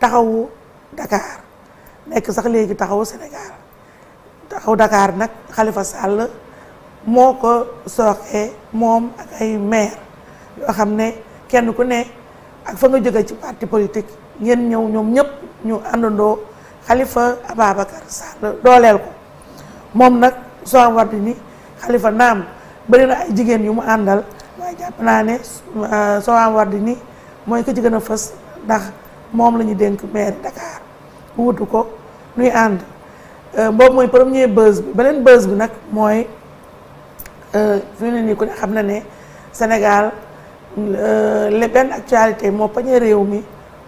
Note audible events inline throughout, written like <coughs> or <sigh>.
taxawu Dakar nekk sax léegi taxawu Sénégal taxaw Dakar nag xalifa Sall moo ko sooxee moom ak ay maire yoo xam ne kenn ku ne ak fa nga jóge ci parti politique ngeen ñëw ñoom ñëpp ñu àndandoo xalifa Ababacar Sall dooleel ko moom nag soo war ni xalifa naam bëri na ay jigéen yu mu àndal waaye jàpp naa ne euh, soo war ni mooy ko ci gën a fës ndax moom la ñu dénk maire Dakar wutu ko ñuy ànd euh, boobu mooy premier buzz bi beneen buzz bi nag mooy euh, fi mu nii ku ne xam na ne Sénégal euh, le benn actualité moo pañe réew mi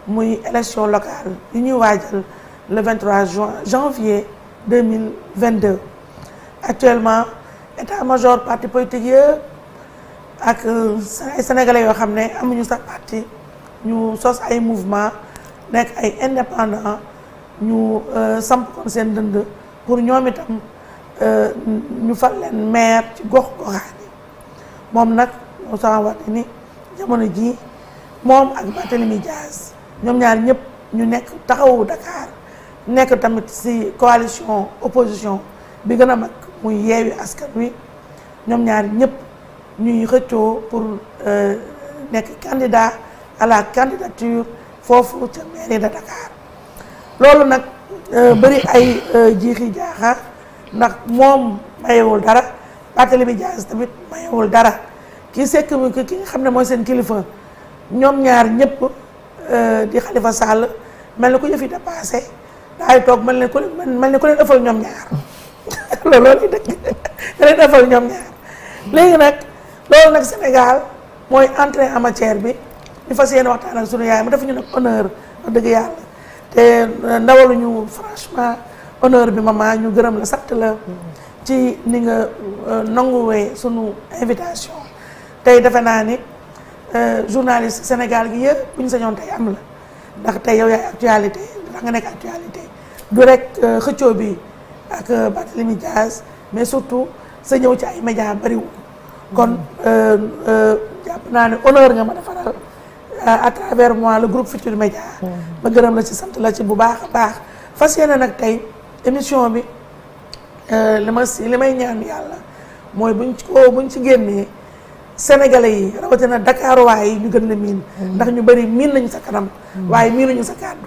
muy élection locale yu ñuy waajal le 23 juin janvier 2022 actuellement état-major parti politique yëpp ak ay sénégalais yoo xam ne amuñu sax parti ñu sos ay mouvement nekk ay indépendant ñu euh, samp kon seen dënd pour ñoom itam euh, ñu fal leen maire ci gox goxaan moom nag Moussa Wade ni jamono ji moom ak Barthélémy Dias ñoom ñaar ñëpp ñu nekk taxawu Dakar nekk tamit ci coalition opposition bi gën a mag muy yeewi askan wi ñoom ñaar ñëpp ñuy xëccoo pour euh, nekk candidat à la candidature foofu ca mairie de Dakar loolu nag euh, bari ay euh, jiixi jaaxa ndax moom mayewul dara Barthélémy Dias tamit mayewul dara ki sekk ki nga xam ne mooy seen kilifa ñoom ñaar ñëpp euh, di Khalifa Sall mel ni ku yëf yi dépassé daay toog mel ni ku leen mel ni ku leen ëffal ñoom ñaar <laughs> loolu lay dëkk leen ëffal ñoom ñaar léegi nag loolu nag Sénégal mooy entrée en matière bi ñu fa yéene waxtaan ak sunu yaay mu def ñu nag honneur wax dëgg yàlla te euh, ndawaluñu franchement honneur bi maman ñu gërëm la sant la ci ni nga euh, nanguwee sunu invitation tey defe naa ni euh, journaliste Sénégal gi yëpp bu ñu sañoon tey am la ndax tey yow yaay actualité ndax nga nekk actualité du rek xëccoo bi ak Barthélémy Dias mais surtout sa ñëw ci ay médias bariwul kon jàpp naa ne honneur nga ma defaral à travers moi le groupe Futurs Médias ma gërëm la ci sant la ci bu baax a baax fas yéene nag tey émission bi euh, li ma si li may ñaan yàlla mooy buñ ko oh, buñ ci génnee sénégalais yi rawatina Dakar yi ñu gën la miin ndax ñu bari miin nañu sa kanam waaye nañu sa kàddu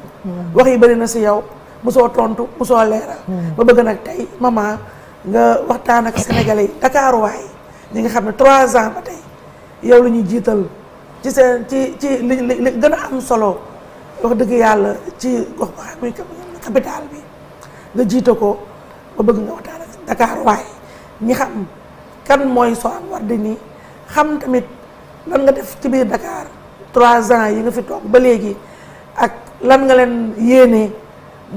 wax yi bëri na si yow mosoo tontu mosoo leeral ma bëgg nag tey maman nga waxtaan ak sénégalais yi Dakar waaye ñi nga xam ne trois ans ba tey yow la ñuy jiital ci seen ci ci li li gën a am solo wax dëgg yàlla ci gox ba muy nga jiite ko ba bëgg nga waxtaan ak Dakar waaye ñi xam kan mooy Soham Wardini xam tamit lan nga def ci biir Dakar trois ans yi nga fi toog ba léegi ak lan nga leen yéene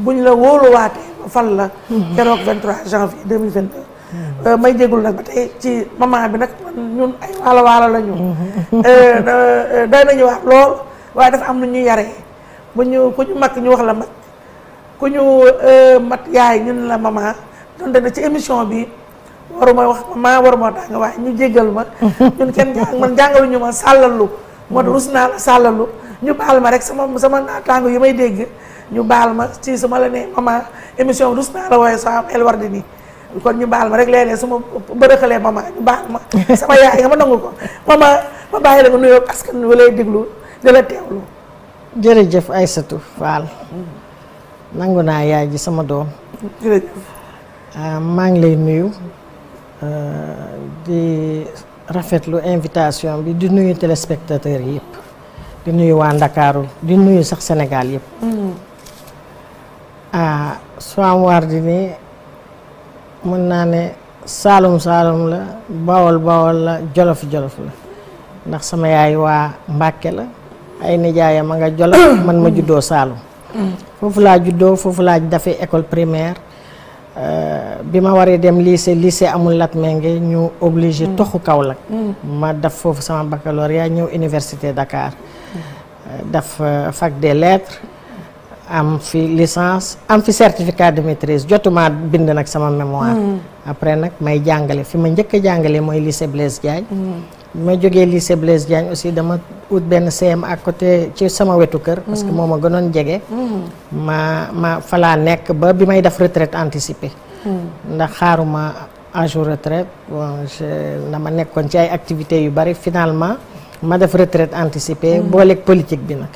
buñ la wóoluwaatee ba fal la mm-hmm. keroog 23 janvier 2022 Euh, may jégul nag ba tey ci maman bi nag man ñun ay waalo waalo la ñu day nañu wax lool waaye dafa am nu ñu yaree bu ñu ku ñu mag ñu wax la mag ku ñu euh, mat yaay ñun la maman donte na ci émission bi waruma wax maman waruma tàng waaye ñu jégal ma <laughs> ñun kenn jàng man jàngaluñu ma sàllalu moo tax mm-hmm. rus naa la sàllalu ñu baal ma rek sama sama naataango yi may dégg ñu baal ma ci su ma la nee maman émission bi rus naa la waaye soo am el war di nii kon ñu baal ma rek léeg-léeg su ma bërëxalee mama ñu baal ma sama yaay nga ma nangu ko mama ma bàyyi la nga nuyoo askan wi jërëjëf Aysatu Fall naa yaay ji sama doom ah, maa ngi lay nuyu ah, di rafetlu invitation bi di nuyu téléspectateurs yëpp di nuyu waa Ndakaaru di nuyu sax Sénégal yëpp mm. ah Soham Wardini mën naa ne saalum saalum la bawol bawol la jolof jolof la ndax sama yaay waa Mbàkke la ay nijaayam a nga jolof <coughs> man ma juddoo saalum foofu laa juddoo foofu laa dafee école primaire euh, bi ma waree dem lycée lycée amul Latmingué ñu obligé mm. toxu Kaolack mm. ma daf foofu sama baccalauréat ñëw université Dakar euh, daf euh, fac de lettres am fi licence am fi certificat de maîtrise jotuma bind nag sama mémoire. Mm. après nag may jàngale fi ma njëkk a jàngale mooy lycée Blaise Diagne. Mm. bi ma jógee lycée Blaise Diagne aussi dama ut benn CM à côté ci sama wetu kër. parce que mm. moo ma gënoon jege. ma ma falaa nekk ba bi may def retraite anticipée. ndax xaaruma âge retraite bon ma nekkoon ci ay activités yu bari finalement ma def retraite anticipée. booleeg politique bi nag.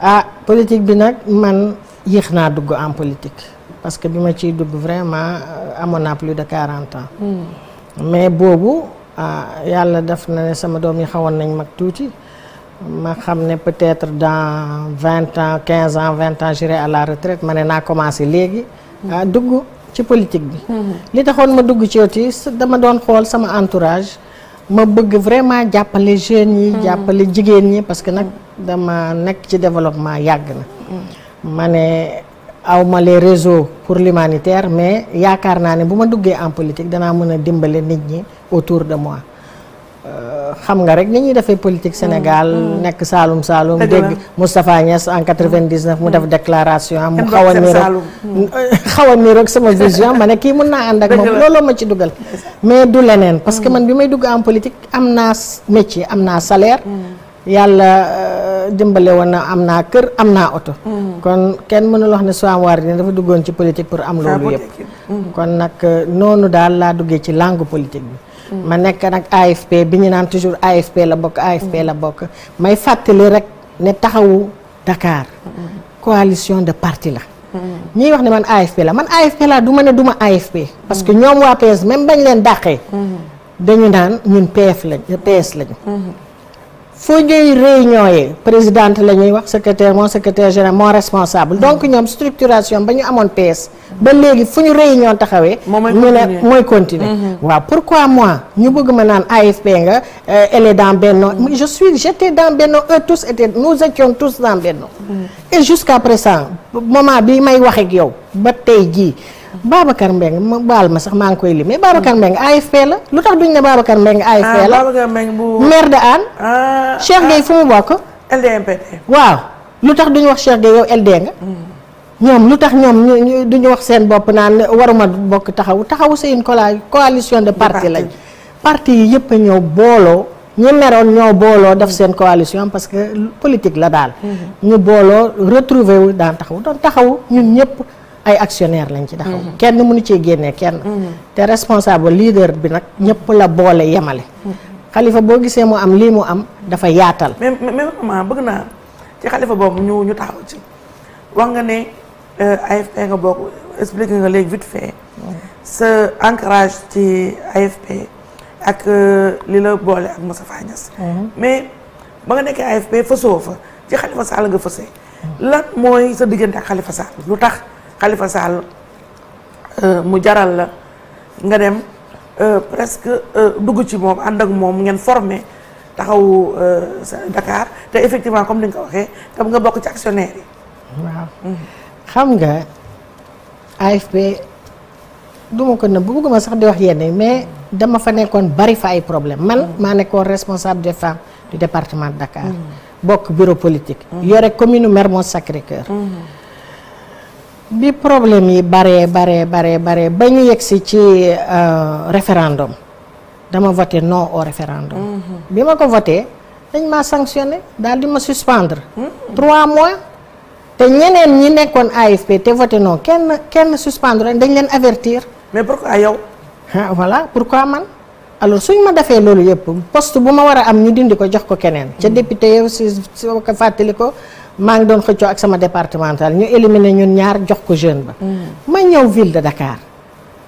ah politique bi nag man yéex naa dugg en politique parce que bi ma ciy dugg vraiment euh, amoon naa plus de quarante ans. Hmm. mais boobu ah, yàlla def na ne sama doom yi xawoon nañ mag tuuti ma xam ne peut-être dans vingt ans quinze ans vingt ans j'irai à la retraite ma ne naa commencé léegi. Hmm. Ah, dugg ci politique bi. Hmm. li taxoon ma dugg ci oti dama doon xool sama entourage. ma bëgg vraiment jàppale jeunes yi. Mm. jàppale jigéen ñi parce que nag dama nekk ci développement yàgg na. Mm. ma ne aw réseau pour l'humanitaire mais yaakaar naa ne bu ma duggee en politique danaa mën a dimbale nit ñi autour de mois euh, xam nga rek ni ñuy defee politique Sénégal mm, mm. nekk Saalum Saalum dégg Moustapha Niass en 99 mu def mm. déclaration am mu xaw a niroog <laughs> xaw a niroog sama vision ma ne kii mun naa ànd ak moom looloo ma ci dugal mais du leneen parce que man bi may dugg am politique am naa métier am naa salaire yàlla euh, dimbale woon na am naa kër am naa oto kon kenn mënul wax ne Soham Wardini dafa duggoon ci politique pour am loolu yëpp kon nag euh, noonu daal laa duggee ci langue politique bi Mm. ma nekk nag AFP bi ñu naan toujours AFP la bokk AFP mm. la bokk may fàttali rek ne taxawu Dakar mm. coalition de parti la ñuy wax ne man AFP la man AFP laa du ma ne du ma AFP parce que ñoom waa PS même bañ leen dàqee dañu naan ñun PF lañ PS lañu foo ñuy réunion yi présidente la ñuy wax secrétaire moo secrétaire général mon responsable donc ñoom structuration ba ñu amoon PS ba léegi fu ñu réunion taxawee ñu ne mooy continuer mhm. waaw pourquoi moi ñu bëgg ma naan AFP nga euh, elle est dans Benno mhm. je suis j'étais dans Benno eux tous étaient nous étions tous dans Benno mhm. et jusqu'à présent moment bi may wax yow ba tey jii Babacar Mbengue ma baal ma sax maa ngi koy lim mais Babacar Mbengue AFP la lu tax duñu ne Babacar Mbengue AFP ah, la maire de Hann ah, Cheikh Gueye ah. fu mu bokk LDMPT waaw lu tax duñ wax Cheikh Gueye mm. ñoom lu tax ñoom ñu duñu wax seen bopp naan waruma bokk taxaw taxawu seen coalition de parti lañ parti yi yëpp a ñëw booloo ñi meroon ñoo booloo def seen coalition parce que politique la daal mm-hmm. ñu booloo retrouver wu daan taxaw doon taxaw ñun ñëpp ay actionnaire lañ ci taxaw mhm. kenn mënu cee génnee kenn mhm. te responsable leader bi nag ñëpp la boole yemale mhm. xalifa boo gisee mu am lii mu am dafa yaatal mais mais maman bëgg naa ci xalifa boobu ñu ñu taxaw wax nga ne euh, AFP nga bokk expliqué nga sa ancrage ci AFP ak euh, li la boole ak Moustapha ba nga nekkee AFP fësoo fa ci xalifa Sall nga fësee lan mooy sa diggante ak xalifa Sall lu tax Khalifa Sall euh, mu jaral la nga dem euh, presque euh, dugg ci moom ànd ak moom ngeen formé taxawu Dakar te effectivement comme li nga ko waxee tam nga bokk ci actionnaire yi. Mhm. xam nga AFP duma ko nëbb bëgguma sax di wax yenn mais dama fa nekkoon bari fa ay problème man mhm. maa nekkoon responsable des femmes du département de mhm. bokk bureau politique. yore commune Mermoz Sacré-Cœur. bi problème yi baree baree baree baree ba ñu yegsi ci euh, référendum dama voté non au référendum. Mm-hmm. bi ma ko voté dañ ma sanctionné daal di ma suspendre. trois mois. te ñeneen ñi nekkoon AFP te voté non kenn kenn suspendre dañ leen avertir. mais pourquoi yow. voilà pourquoi man. alors suñ ma defee loolu yëpp poste bu ma war a am ñu dindi ko jox ko keneen. ca mm-hmm. député yow si si ko fàttali ko. maa ngi doon xëccoo ak sama départemental ñu éliminé ñun ñaar jox ko jeune ba. Mm. ma ñëw ville de Dakar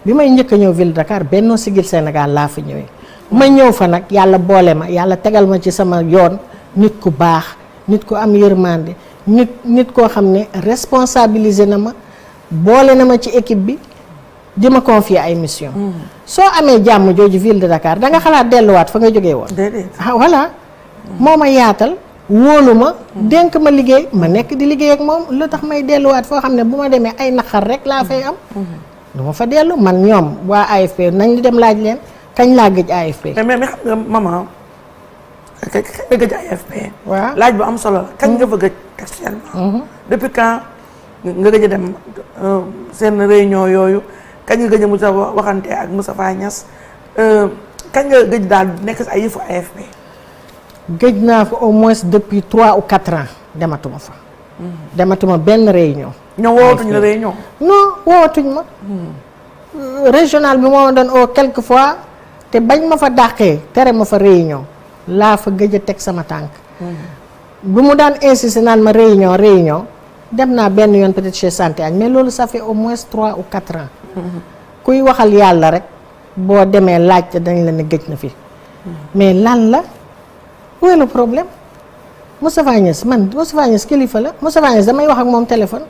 bi may njëkk a ñëw ville de Dakar Benno Siggil Sénégal laa fa ñëwee. ma mm. ñëw fa nag yàlla boole ma yàlla tegal ma ci sama yoon nit ku baax nit ku am yërmande nit nit koo xam ne responsabiliser na ma boole na ma ci équipe bi di ma confier ay mission. Mm. soo amee jàmm jooju ville de Dakar da nga xalaat delluwaat fa nga jógee woon. ah voilà moo ma yaatal. wóolu ma dénk ma liggéey ma nekk di liggéey ak moom lu tax may delluwaat foo xam ne bu ma demee ay naqar rek laa fay am du ma fa dellu man ñoom waa AFP nañ li dem laaj leen kañ laa gëj AFP mais mais xam nga laaj bu am solo la kañ nga fa gëj actuellement mhm. depuis quand nga gëj a dem euh, seen réunion yooyu kañ nga gëj a Moussa waxante ak Moustapha Niass euh, kañ nga gëj daal nekk si ay yëfu AFP géej naa fa au moins depuis trois ou quatre ans dematuma fa. dematuma benn réunion. ñoo woowatuñu la réunion. non woowatuñ ma. Euh, régional bi moo doon oo quelque fois te bañ ma fa dàqee tere ma fa réunion laa fa gëj a teg sama tànk. bu mu daan insister naan ma réunion réunion dem naa benn yoon peut-être chez santé añ mais loolu ça au moins trois ou quatre ans. kuy waxal yàlla rek boo demee laajte dañ la ne gëj na fi. mais lan la. où est le problème Moustapha Niass man Moustapha Niass kilifa la Moustapha Niass damay wax ak moom téléphone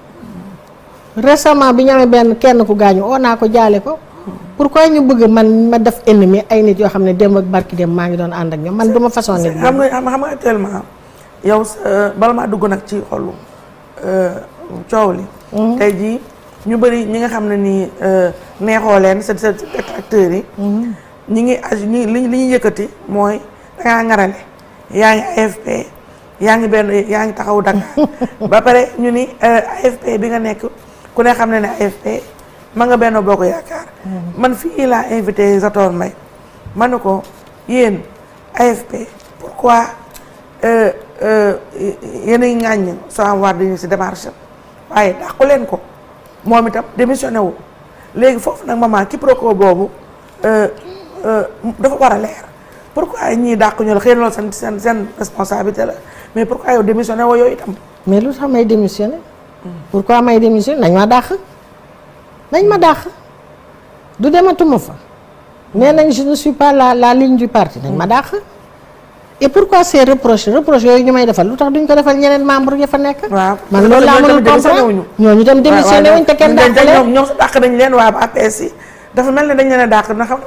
récemment bi ñu amee benn kenn ku gaañu oo naa ko jaale ko pour pourquoi ñu bëgg man ma def ennemi ay nit yoo xam ne démb ak barki démb maa ngi doon ànd ak ñoom man du ma façon nit xam nga xam nga actuellement yow bala maa dugg nag ci xolu euh, coow li mhm. tey jii ñu bëri ñi nga xam ne nii euh, neexoo leen seen seen acteurs yi mhm. ñi ngi aj ñi li li ñu yëkkati mooy dangaa ngarale yaa ngi AFP yaa ngi benn yaa ngi taxaw Dakar <laughs> ba pare ñu ni euh, AFP bi nga nekk ku ne xam ne ne AFP ma nga benn bokk yaakaar mm. man fii laa invité Zator Mbaye ma ne ko yéen AFP pourquoi euh, euh, yéen a ngi ŋàññ soo am war dañu si démarche waaye dàqu leen ko moom itam démissionné wu léegi foofu nag maman quiproquo boobu dafa war a leer pourquoi ñii dàq ñu la xëy na loolu seen seen seen responsabilité la mais pourquoi yow démissionné woo yooyu itam. mais lu tax may démissionné. pourquoi may démissionné nañ ma dàq. ma fa. nee nañ je la la ligne parti nañ ma dàq. et pourquoi ces reproches reproches yooyu ñu may defal lu tax duñ ko defal ñeneen membre ya fa nekk. waaw man loolu laa mënul comprendre ñooñu dem démissionné wuñ te kenn dàq leen ñoom dàq nañ leen waa APS yi dafa mel ne dañ leen a dàq na xam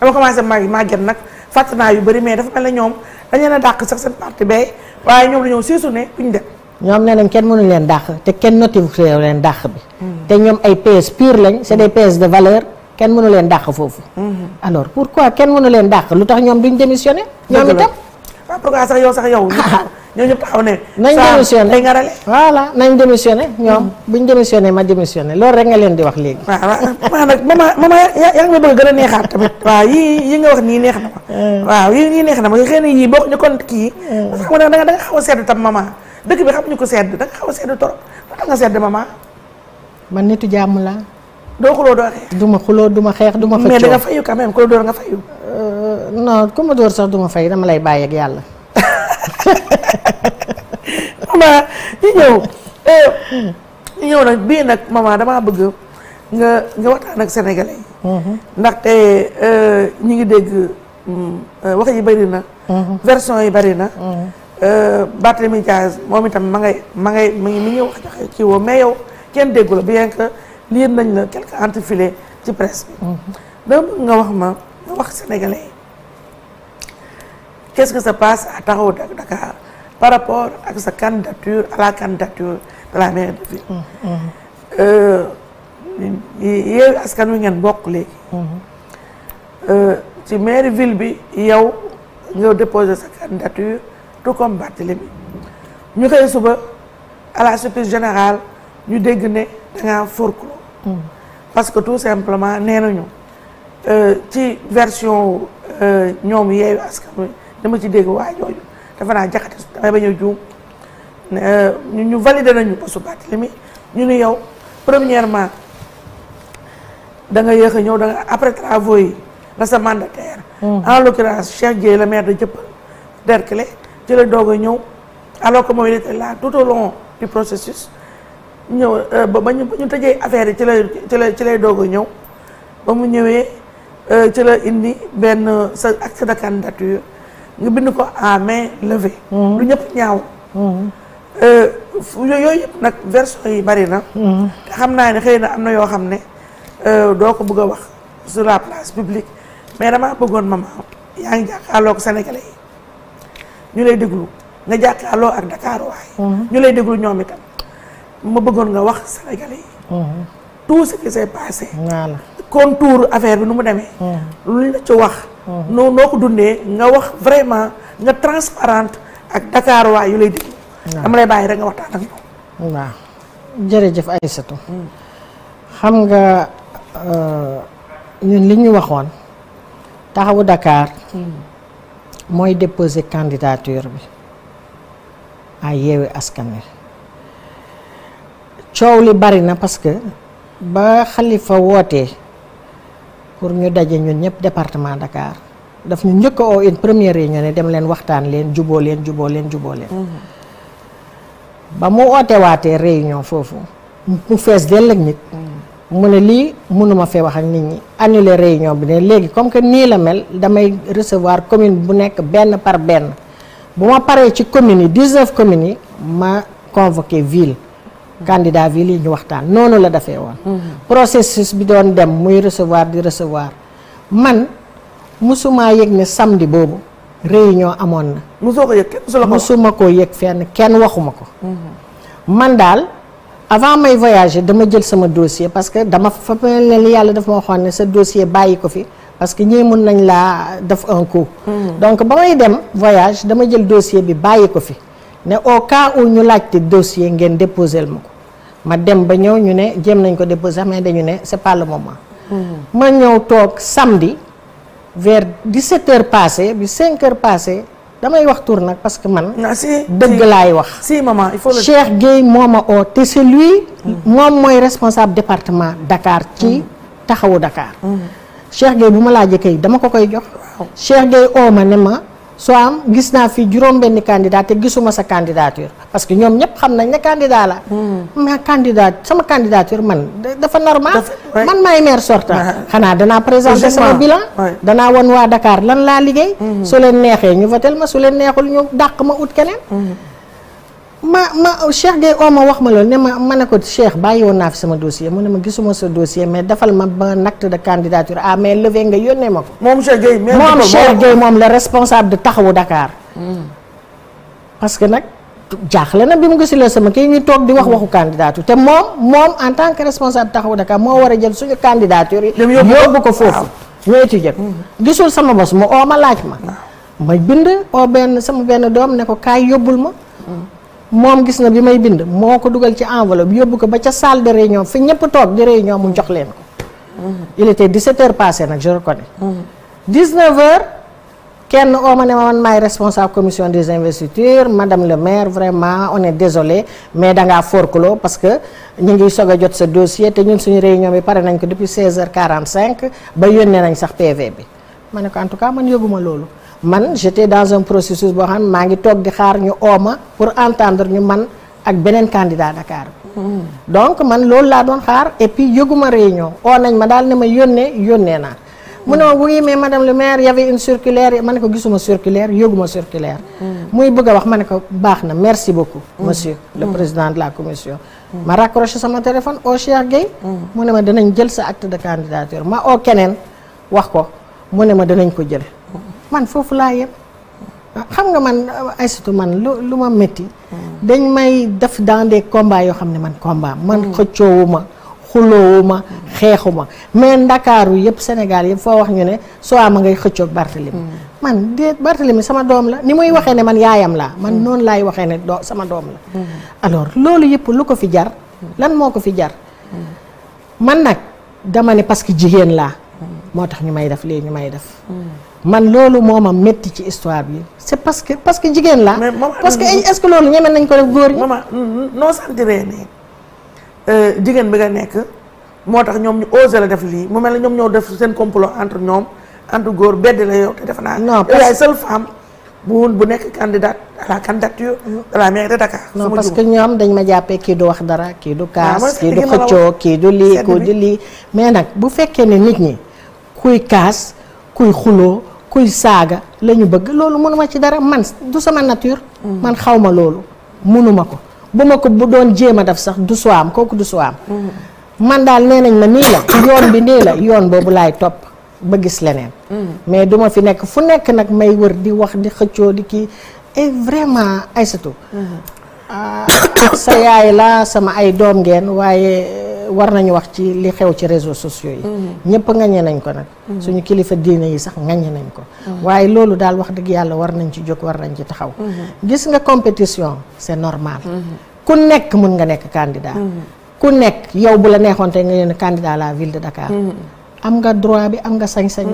dama commencé màgget nag. fàtt naa yu bëri mais dafa mel ne ñoom dañu leen a dàq sax seen parti bay waaye ñoom dañoo siisu ne duñ dem. ñoom nee kenn mënuñ dàq te kenn notifié leen dàq bi. Hmm. te ñoom ay PS pur lañ c'est des PS de valeur kenn mënu dàq foofu. Hmm. alors pourquoi kenn mënu dàq lu tax ñoom duñ démissionné. ñoom itam ah pourquoi sax yow sax yow. <laughs> ñoo ñëpp taxaw ne. nañ démissionné saa ngarale. voilà nañ démissionné ñoom buñ démissionné ma démissionné loolu rek nga leen di wax léegi. waaw waaw nag mama mama yaa ngi ma bëgg gën a neexaat tamit. waaw yii yi nga wax nii neex na ma. <laughs> Eh. waaw yii nii neex na ma xëy na yii bokk ñu kon kii. Eh. xam nga da xaw a sedd tam mama dëkk bi xamuñu ko sedd da nga xaw a sedd torop da nga sedd mama. man nitu jàmm la doo xuloo doo xeex. du ma xuloo duma xeex duma ma. fa mais da nga fayu quand même ku la door nga fayu. Euh, non ku ma door sax du ma fay dama lay bàyyi ak yàlla. <laughs> Euh, bii nag maman damaa bëgg nga nga mhm. euh, ñu ngi dégg mm, wax yi na. Mhm. version yi bari na. Mhm. Barthélemy Diaz moom itam ma mi ngi wax ci woo mais yow kenn déggu la liir nañ la quelques entrefilets ci presse bi. Mm-hmm. bëgg nga wax ma nga wax sénégalais yi qu'est-ce que ça passe à Taxawu Dakar par rapport ak sa candidature à la candidature de la mairie de ville. Mm-hmm. Euh, yéen wi ngeen bokk léegi. Mm-hmm. Euh, ci ville bi yow nga déposé sa candidature tout comme Barthélémy ñu xëy suba à la surprise générale ñu dégg ne. dangaa forclos hmm. parce que tout simplement nee nañu euh, ci version euh, ñoom yeeyu askan wi dama ci dégg waa jooju dafa naa jaxate damay bañ a juum euh, ñu validé nañu ba ñu ni yow premièrement da nga yéex a ñëw da nga après travaux yi la sa mandataire hmm. en l'occurrence Cheikh Dieye la maire de Dieuppeul Derklé ci la doog ñëw alors que moom il était tout au long du processus ñëw euh, ba ba ñu ba ñu tëjee affaire yi ci lay ci lay ci lay ñëw ba mu ñëwee euh, ci la indi benn sa acte de candidature nga bind ko à main levée. du mhm. ñëpp ñaaw. Mhm. Euh, yooyu yëpp nag version yi bari na. Mhm. te xam naa ne xëy na am na yoo xam ne doo ko bëgg a wax sur la place publique mais damaa bëggoon maman yaa ngi jàkkaarloo ak sénégalais yi ñu lay déglu nga jàkkaarloo ak Dakar waay. ñu lay déglu ñoom itam. ma bëggoon nga wax Sénégalais yi. Mhm. tout ce qui s'est passé. voilà contour affaire bi nu mu demee. Mhm. luñ la ci wax. Mhm. noo noo ko dundee nga wax vraiment nga transparente ak Dakar waa yu lay déglu. dama lay bàyyi rek nga waxtaan ak ñoom. waaw jërëjëf Aïssatou. xam nga euh, ñun li ñu waxoon taxawu Dakar. Hmm. mooy déposer candidature bi ay yeewi askan wi. coow li bari na parce que ba xalifa wootee pour ñu daje ñun ñëpp département Dakar daf ñu njëkk oo une première réunion ne dem leen waxtaan leen juboo leen juboo leen juboo leen mhm. ba mu oote waatee réunion foofu mu fees dell ak nit mhm. mu ne lii mënuma fee wax ak nit ñi annuler réunion bi ne léegi comme que nii la mel damay recevoir commune bu nekk benn par benn bu ma paree ci communes yi 19 communes yi ma convoqué ville candidat bi lii ñu waxtaan noonu la defee woon. Mm-hmm. processus bi doon dem muy recevoir di recevoir man musuma yëg ne samedi boobu réunion amoon na. musoo ko kenn musuma ko yëg fenn kenn waxuma ko. Mm-hmm. man daal avant may voyager dama jël sama dossier parce que dama fa mel ne yàlla daf ma waxoon ne sa dossier bàyyi ko fi. parce que ñii mën nañ laa def un mm-hmm. donc ba may dem voyage dama jël dossier bi bàyyi ko fi ne au cas où ñu laajte dossier ngeen déposel ma ko. ma dem ba ñëw ñu ne jéem nañ ko déposer mais dañu ne c'est pas le moment. ma ñëw toog samedi vers 17h passé bi 5h passé damay wax tour nag parce que man. Ah, dëgg laay wax. si maman il faut le Cheikh Gueye moo ma oo te c'est lui. moom mooy responsable département Dakar ci taxawu dakaar mm-hmm. Cheikh Gueye bu ma laajee kay dama ko koy jox. Cheikh Gueye oo ma ne ma. soo am gis naa fi juróom benn candidat te gisuma sa candidature parce que ñoom ñëpp xam nañ ne candidat la. Hmm. ma candidat sama candidature man dafa normal. man maay maire sortant. xanaa danaa présenter sama bilan. danaa won waa dakaar lan laa liggéey. Hmm. su leen neexee ñu votel ma su leen neexul ñu dàq ma ut keneen. Hmm. ma ma Cheikh Gueye oo ma wax ma loolu ne ma ma ne ko Cheikh bàyyi woon naa fi sama dossier mu ne ma gisuma sa dossier mais dafal ma ba acte de candidature ah mais levé nga yónnee ma ko. moom Cheikh Gueye moom Cheikh Gueye moom la responsable de taxawu Dakar. Hmm. parce que nag jaaxle na bi mu gisulee sama kii ñuy toog di wax waxu candidature te moom moom en tant que responsable taxawu Dakar moo war a jël suñu candidature yi. yóbbu ko foofu ah. ñooy ci jël hmm. gisul sama bos ma oo ma laaj ma. Ah. ma bind sama benn doom ne kaay yóbbul ma. Hmm. moom gis na bi may bind moo ko dugal ci enveloppe yóbbu ko ba ca salle de réunion fi ñëpp toog di réunion mu jox leen ko. Mm-hmm. il était 17 heures passées nag je reconnais. 19 mm-hmm. heures kenn oo ma ne ma man maay responsable commission des investitures madame le maire vraiment on est désolé mais da ngaa forclos parce que ñu ngi soog a jot sa dossier te ñun suñu réunion bi pare nañ ko depuis 16 heures 45 ba yónnee nañ sax PV bi ma ne ko en tout cas man yóbbuma loolu. man j'étais dans un processus boo xam ne maa ngi toog xaar ñu ooma pour entendre ñu man ak beneen candidat Dakar bi donc man loolu laa doon xaar et puis yëguma réunion oo nañ ma daal ne ma yónnee yónnee naa mu ne ma oui mais madame le maire y avait une circulaire ne ko gisuma circulaire yëguma circulaire hmm. muy bëgg a wax ma ne ko baax na merci beaucoup hmm. monsieur hmm. le président de la commission ma raccroché sama téléphone au oh, Cheikh Gueye mu ne ma danañ jël sa acte de candidature ma oo keneen wax ko mu ne ma danañ ko jël man foofu laa yem xam nga man institut man lu lu ma métti dañ may def dans des yoo xam ne man combat man mm. xëccoowuma xuloowuma xeexuma mais ndakaaru yëpp Sénégal yëpp foo wax ñu ne soo am ngay xëccoo xëccoog Barthélemy mm. man de Barthélemy sama doom la ni muy mm. waxee ne man yaayam laa man noonu laay waxee ne doo sama doom la alors loolu yëpp lu ko fi jar lan moo ko fi jar man nag dama ne parce que jigéen laa moo tax ñu may def lii ñu may def man loolu moo am métti ci histoire bi c'est parce que parce que jigéen laa. parce que est-ce que loolu ñeme nañ ko def góor yi. maman mm-hmm. noo sentiree ne euh, jigéen bi nga nekk moo tax ñoom ñu osé la def lii mu mel ne ñoom ñoo def seen complot entre ñoom entre góor bedd la yow te defe naa. non bu nekk candidate à la mm-hmm. parce que ñoom dañ ma jàppee kii du wax dara kii du ah, kaas kii du xëccoo kii du lii lii mais nag bu fekkee ne nit ñi kuy kaas kuy xuloo. kuy saaga la ñu bëgg loolu mënuma ci dara man du sama nature. Mm. man xaw ma loolu mënuma ko bu ma ko bu doon jéem a def sax du soo kooku du soo am. Mm. man daal nee nañ ma nii la yoon bi nii la yoon boobu laay topp ba gis leneen. Mm. mais duma fi nekk fu nekk nag may wër di wax di xëccoo di kii et vraiment Aïssatou <coughs> ah, sa yaay la sama ay doom ngeen waaye. war nañu wax ci li xew ci réseaux sociaux yi mm-hmm. ñëpp ŋaññe nañ ko nag mm-hmm. suñu kilifa diine yi sax ŋaññe nañ ko mm-hmm. waaye loolu daal wax dëgg yàlla war nañ ci jóg war nañ ci taxaw gis nga compétition c'est normal ku nekk mun nga nekk candidat ku nekk yow bu la neexoon tey nga yéen candidat la ville de Dakar am nga droit bi am nga sañ-sañ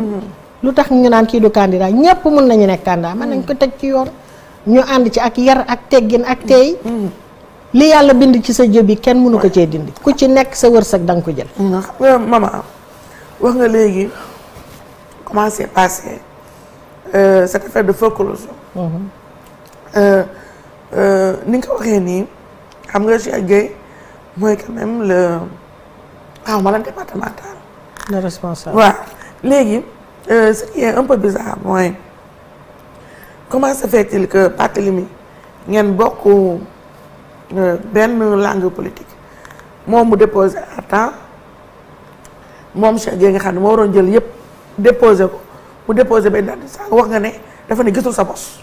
lu tax ñu naan kii du candidat ñëpp mun nañu nekk candidat mën nañ ko teg ci yoon ñu ànd ci ak yar ak teggin ak teey li yàlla bind ci sa bi kenn mënu ko cee dindi ku ci nekk sa wërsëg da nga ko jël. xam nga euh, maman wax nga léegi comment c'est passé euh, cette affaire de folklore. Mhm. Euh, ni nga waxee nii xam nga Cheikh Gueye mooy quand même le ah, ma la départemental. le léegi ce qui est un peu bizarre mooy comment se fait-il que ngeen bokk. benn langue politique moom mu déposé à temps moom Cheikh Gueye nga xam ne moo waroon jël yëpp déposé ko mu déposé benn date sax wax nga ne dafa ne gisul sa bos.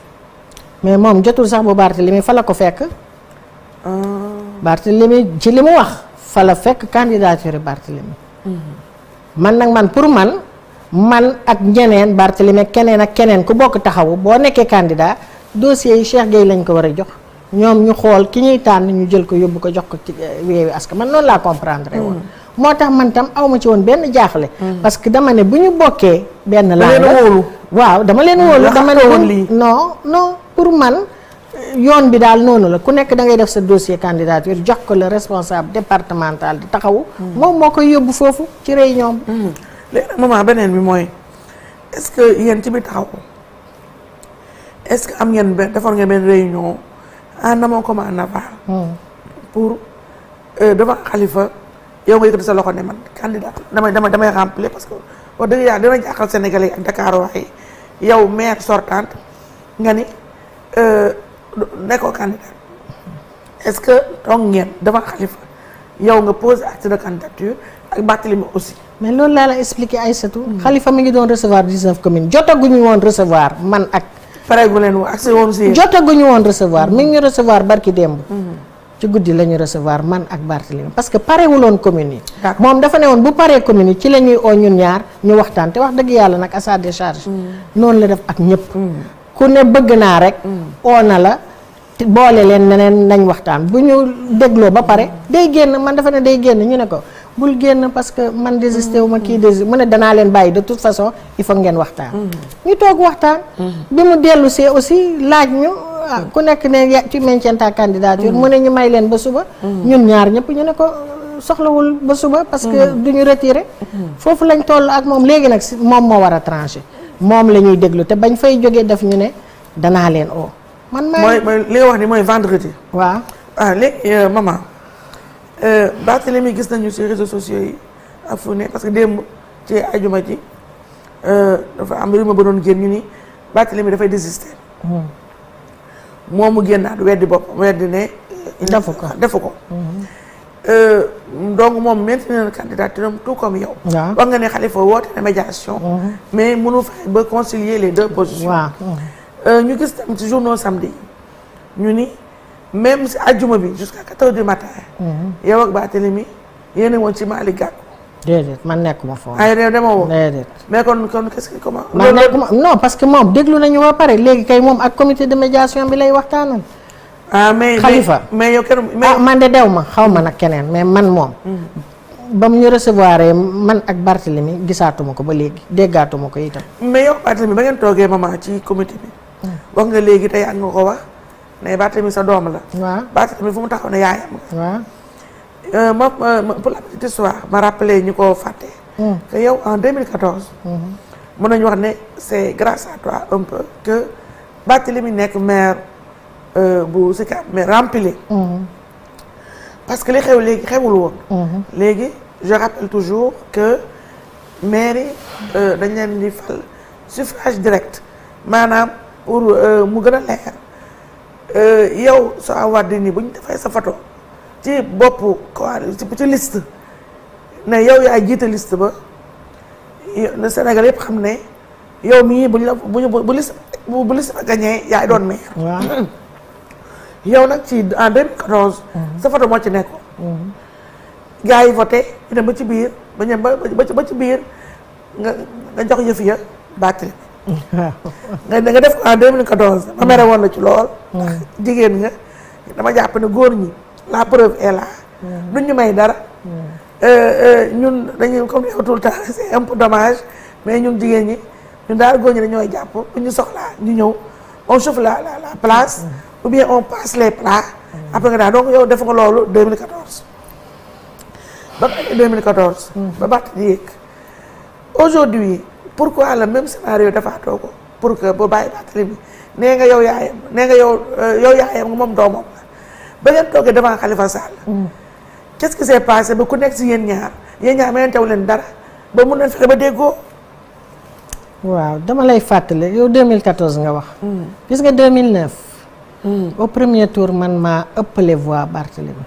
mais moom jotul sax bu Barthélemy fa la ko fekk. Ah. Barthélemy ci li mu wax fa la fekk candidature Barthélemy. Mm-hmm. man nag man pour man man ak ñeneen Barthélemy keneen ak keneen ku bokk taxawu boo nekkee candidat dossier yi Cheikh Gueye lañ ko war a jox. ñoom ñu xool ki ñuy tànn ñu jël ko yóbbu ko jox ko ci eh, Yewwi que man noonu laa comprendre woon mm. moo tax man tam awma ci woon benn jaaxle mm. parce que dama ne bu ñu bokkee benn laa la waaw dama leen wóolu dama ne non non pour man eh, yoon bi daal noonu la ku nekk da ngay def sa dossier candidature jox ko le responsable départemental di taxawu mm. moom moo koy yóbbu foofu ci réunion bi léegi maman beneen bi mooy est-ce que yéen ci bi taxawu est-ce que am ngeen benn defar ngeen benn réunion en amont comme en aval. Hmm. pour euh, devant xalifa yow nga yëkkati sa loxo ne man candidat damay damay damay remplir parce que wax dëgg yàlla dina jaaxal ak Dakar waaye yow maire sortante nga ni euh, nekkoo candidat est-ce que toog ngeen devant Khalifa yow nga pose acte de candidature ak Barthélemy aussi. mais loolu laa la expliqué Aïssatou. Hmm. Khalifa mi ngi doon recevoir 19 communes jotaguñu woon recevoir man ak. pareegu leen woon accès woon si. jotaguñu woon recevoir mi ngi ñu recevoir barki démb. ci guddi la ñu recevoir man ak Barthélémy parce que parewuloon commune yi moom dafa ne woon bu paree commune yi ci la ñuy oo ñun ñaar ñu waxtaan te wax dëgg yàlla nag à sa décharge mm. noonu la def ak ñëpp mm. ku ne bëgg naa rek mm. oo na la boole leen neneen nañ waxtaan bu ñu dégloo ba pare day génn man dafa ne day génn ñu ne ko bul génn parce que man désisté wu ma kii désisté mu ne danaa leen bàyyi de toute façon il faut ngeen waxtaan. Mm-hmm. ñu toog waxtaan. bi mu dellu see aussi laaj ñu. Ah, mm-hmm. ku nekk ne ci maintien ta candidature. Mm-hmm. mu ne ñu may leen ba suba. ñun ñaar ñëpp ñu ne ko soxlawul ba suba. parce que du ñu retiré. foofu lañ toll ak moom léegi nag moom moo war a tranché moom la ñuy déglu te bañ fay jógee def ñu ne danaa leen oo. man maay mooy li nga wax ni mooy vendredi. waa ah léegi euh, maman. Euh, Barthélémy gis nañu ci réseaux sociaux yi ak fu ne parce que démb ci ajuma ji euh, dafa am rima ba doon génn ñu ni Barthélémy dafay désister hmm. moom mu génnaat weddi boppam weddi ne euh, defu ko defu ko hmm. donc moom maintenir na candidature tout comme yow wax nga ne Khalifa woote na médiation hmm. mais mënu fexe ba concilier les deux positions ñu gis tam ci journaux samedi ñu ni même si ajjuma bi jusqu'à quatre heures du matin. Mm-hmm. yow ak Barthélémy yéen a woon ci Malick Gakou. déedéet man nekkuma foofu. ay réew dama mais kon kon quest man nekkuma non parce que moom déglu nañu ba pare léegi kay moom ak comité de médiation bi lay waxtaanal. ah mais Khalifa mais yow kenn ah man de dew ma xaw ma nag keneen mais man moom. Mm-hmm. ba mu ñu recevoir man ak Barthélémy gisaatuma ko ba léegi déggaatuma ko itam. mais yow Barthélémy ba ngeen toogee maman ci comité bi. Mm. wax nga léegi ak mais ne Barthélemy sa doom la. waaw Barthélemy fu mu taxaw ne yaayam la. waaw euh, ma ma pour la petite histoire ma rappelé ñu ko fàtte. Hmm. que yow en 2014. Hmm. mën nañu wax ne c' est grâce à toi un peu que Barthélemy nekk maire euh, bu Sicap mais rempli. Hmm. parce que li xew léegi xewul woon. léegi je rappelle toujours que maire yi euh, dañ leen di fal suffrage direct maanaam pour mu gën a leer. Euh, yow Soham Wardini bu ñu defee sa foto ci bopp quoi ci liste ne yow yaa jiite liste ba le Sénégal yëpp xam ne yow mii bu ñu bu ñu bu liste ba gagné yaay doon maire. waaw yow nag ci en 2014. Mm-hmm. sa photo moo ci nekkoon. Mm-hmm. gars yi voté ñu dem ba ci biir ba ñem ba ba ci biir nga nga jox yëf ya bàttali. nga nga def ko en 2014. ma mere woon la ci lool. Hmm. jigéen nga dama jàpp ne góor ñi la preuve est là. Hmm. duñ ñu may dara. Hmm. Euh, euh, ñun dañuy comme yow tout le <laughs> c'est un peu mais ñun jigéen ñi ñun daal góor ñi dañooy jàpp bu ñu soxla ñu ñëw on chauffe la la la place. ou bien on passe les plats. après nga daal donc yow def nga loolu 2014. ba pare 2014. ba bàtt di yéeg aujourd'hui pourquoi le même scénario defaatoo ko pour que ba bàyyi baatali bi nee nga yow yaayam nee nga yow euh, yow yaayam nga moom doomam la ba ngeen toogee devant Khalifa Sall. Mm. qu'est-ce qui s'est ba ku nekk si yéen ñaar yéen ñaar mëneen teew leen dara ba mun na fexe ba déggoo. waaw dama lay fàttali yow 2014 nga wax. Mm. gis nga 2009. Mm. au premier tour man maa ëppale voix Barthélémy.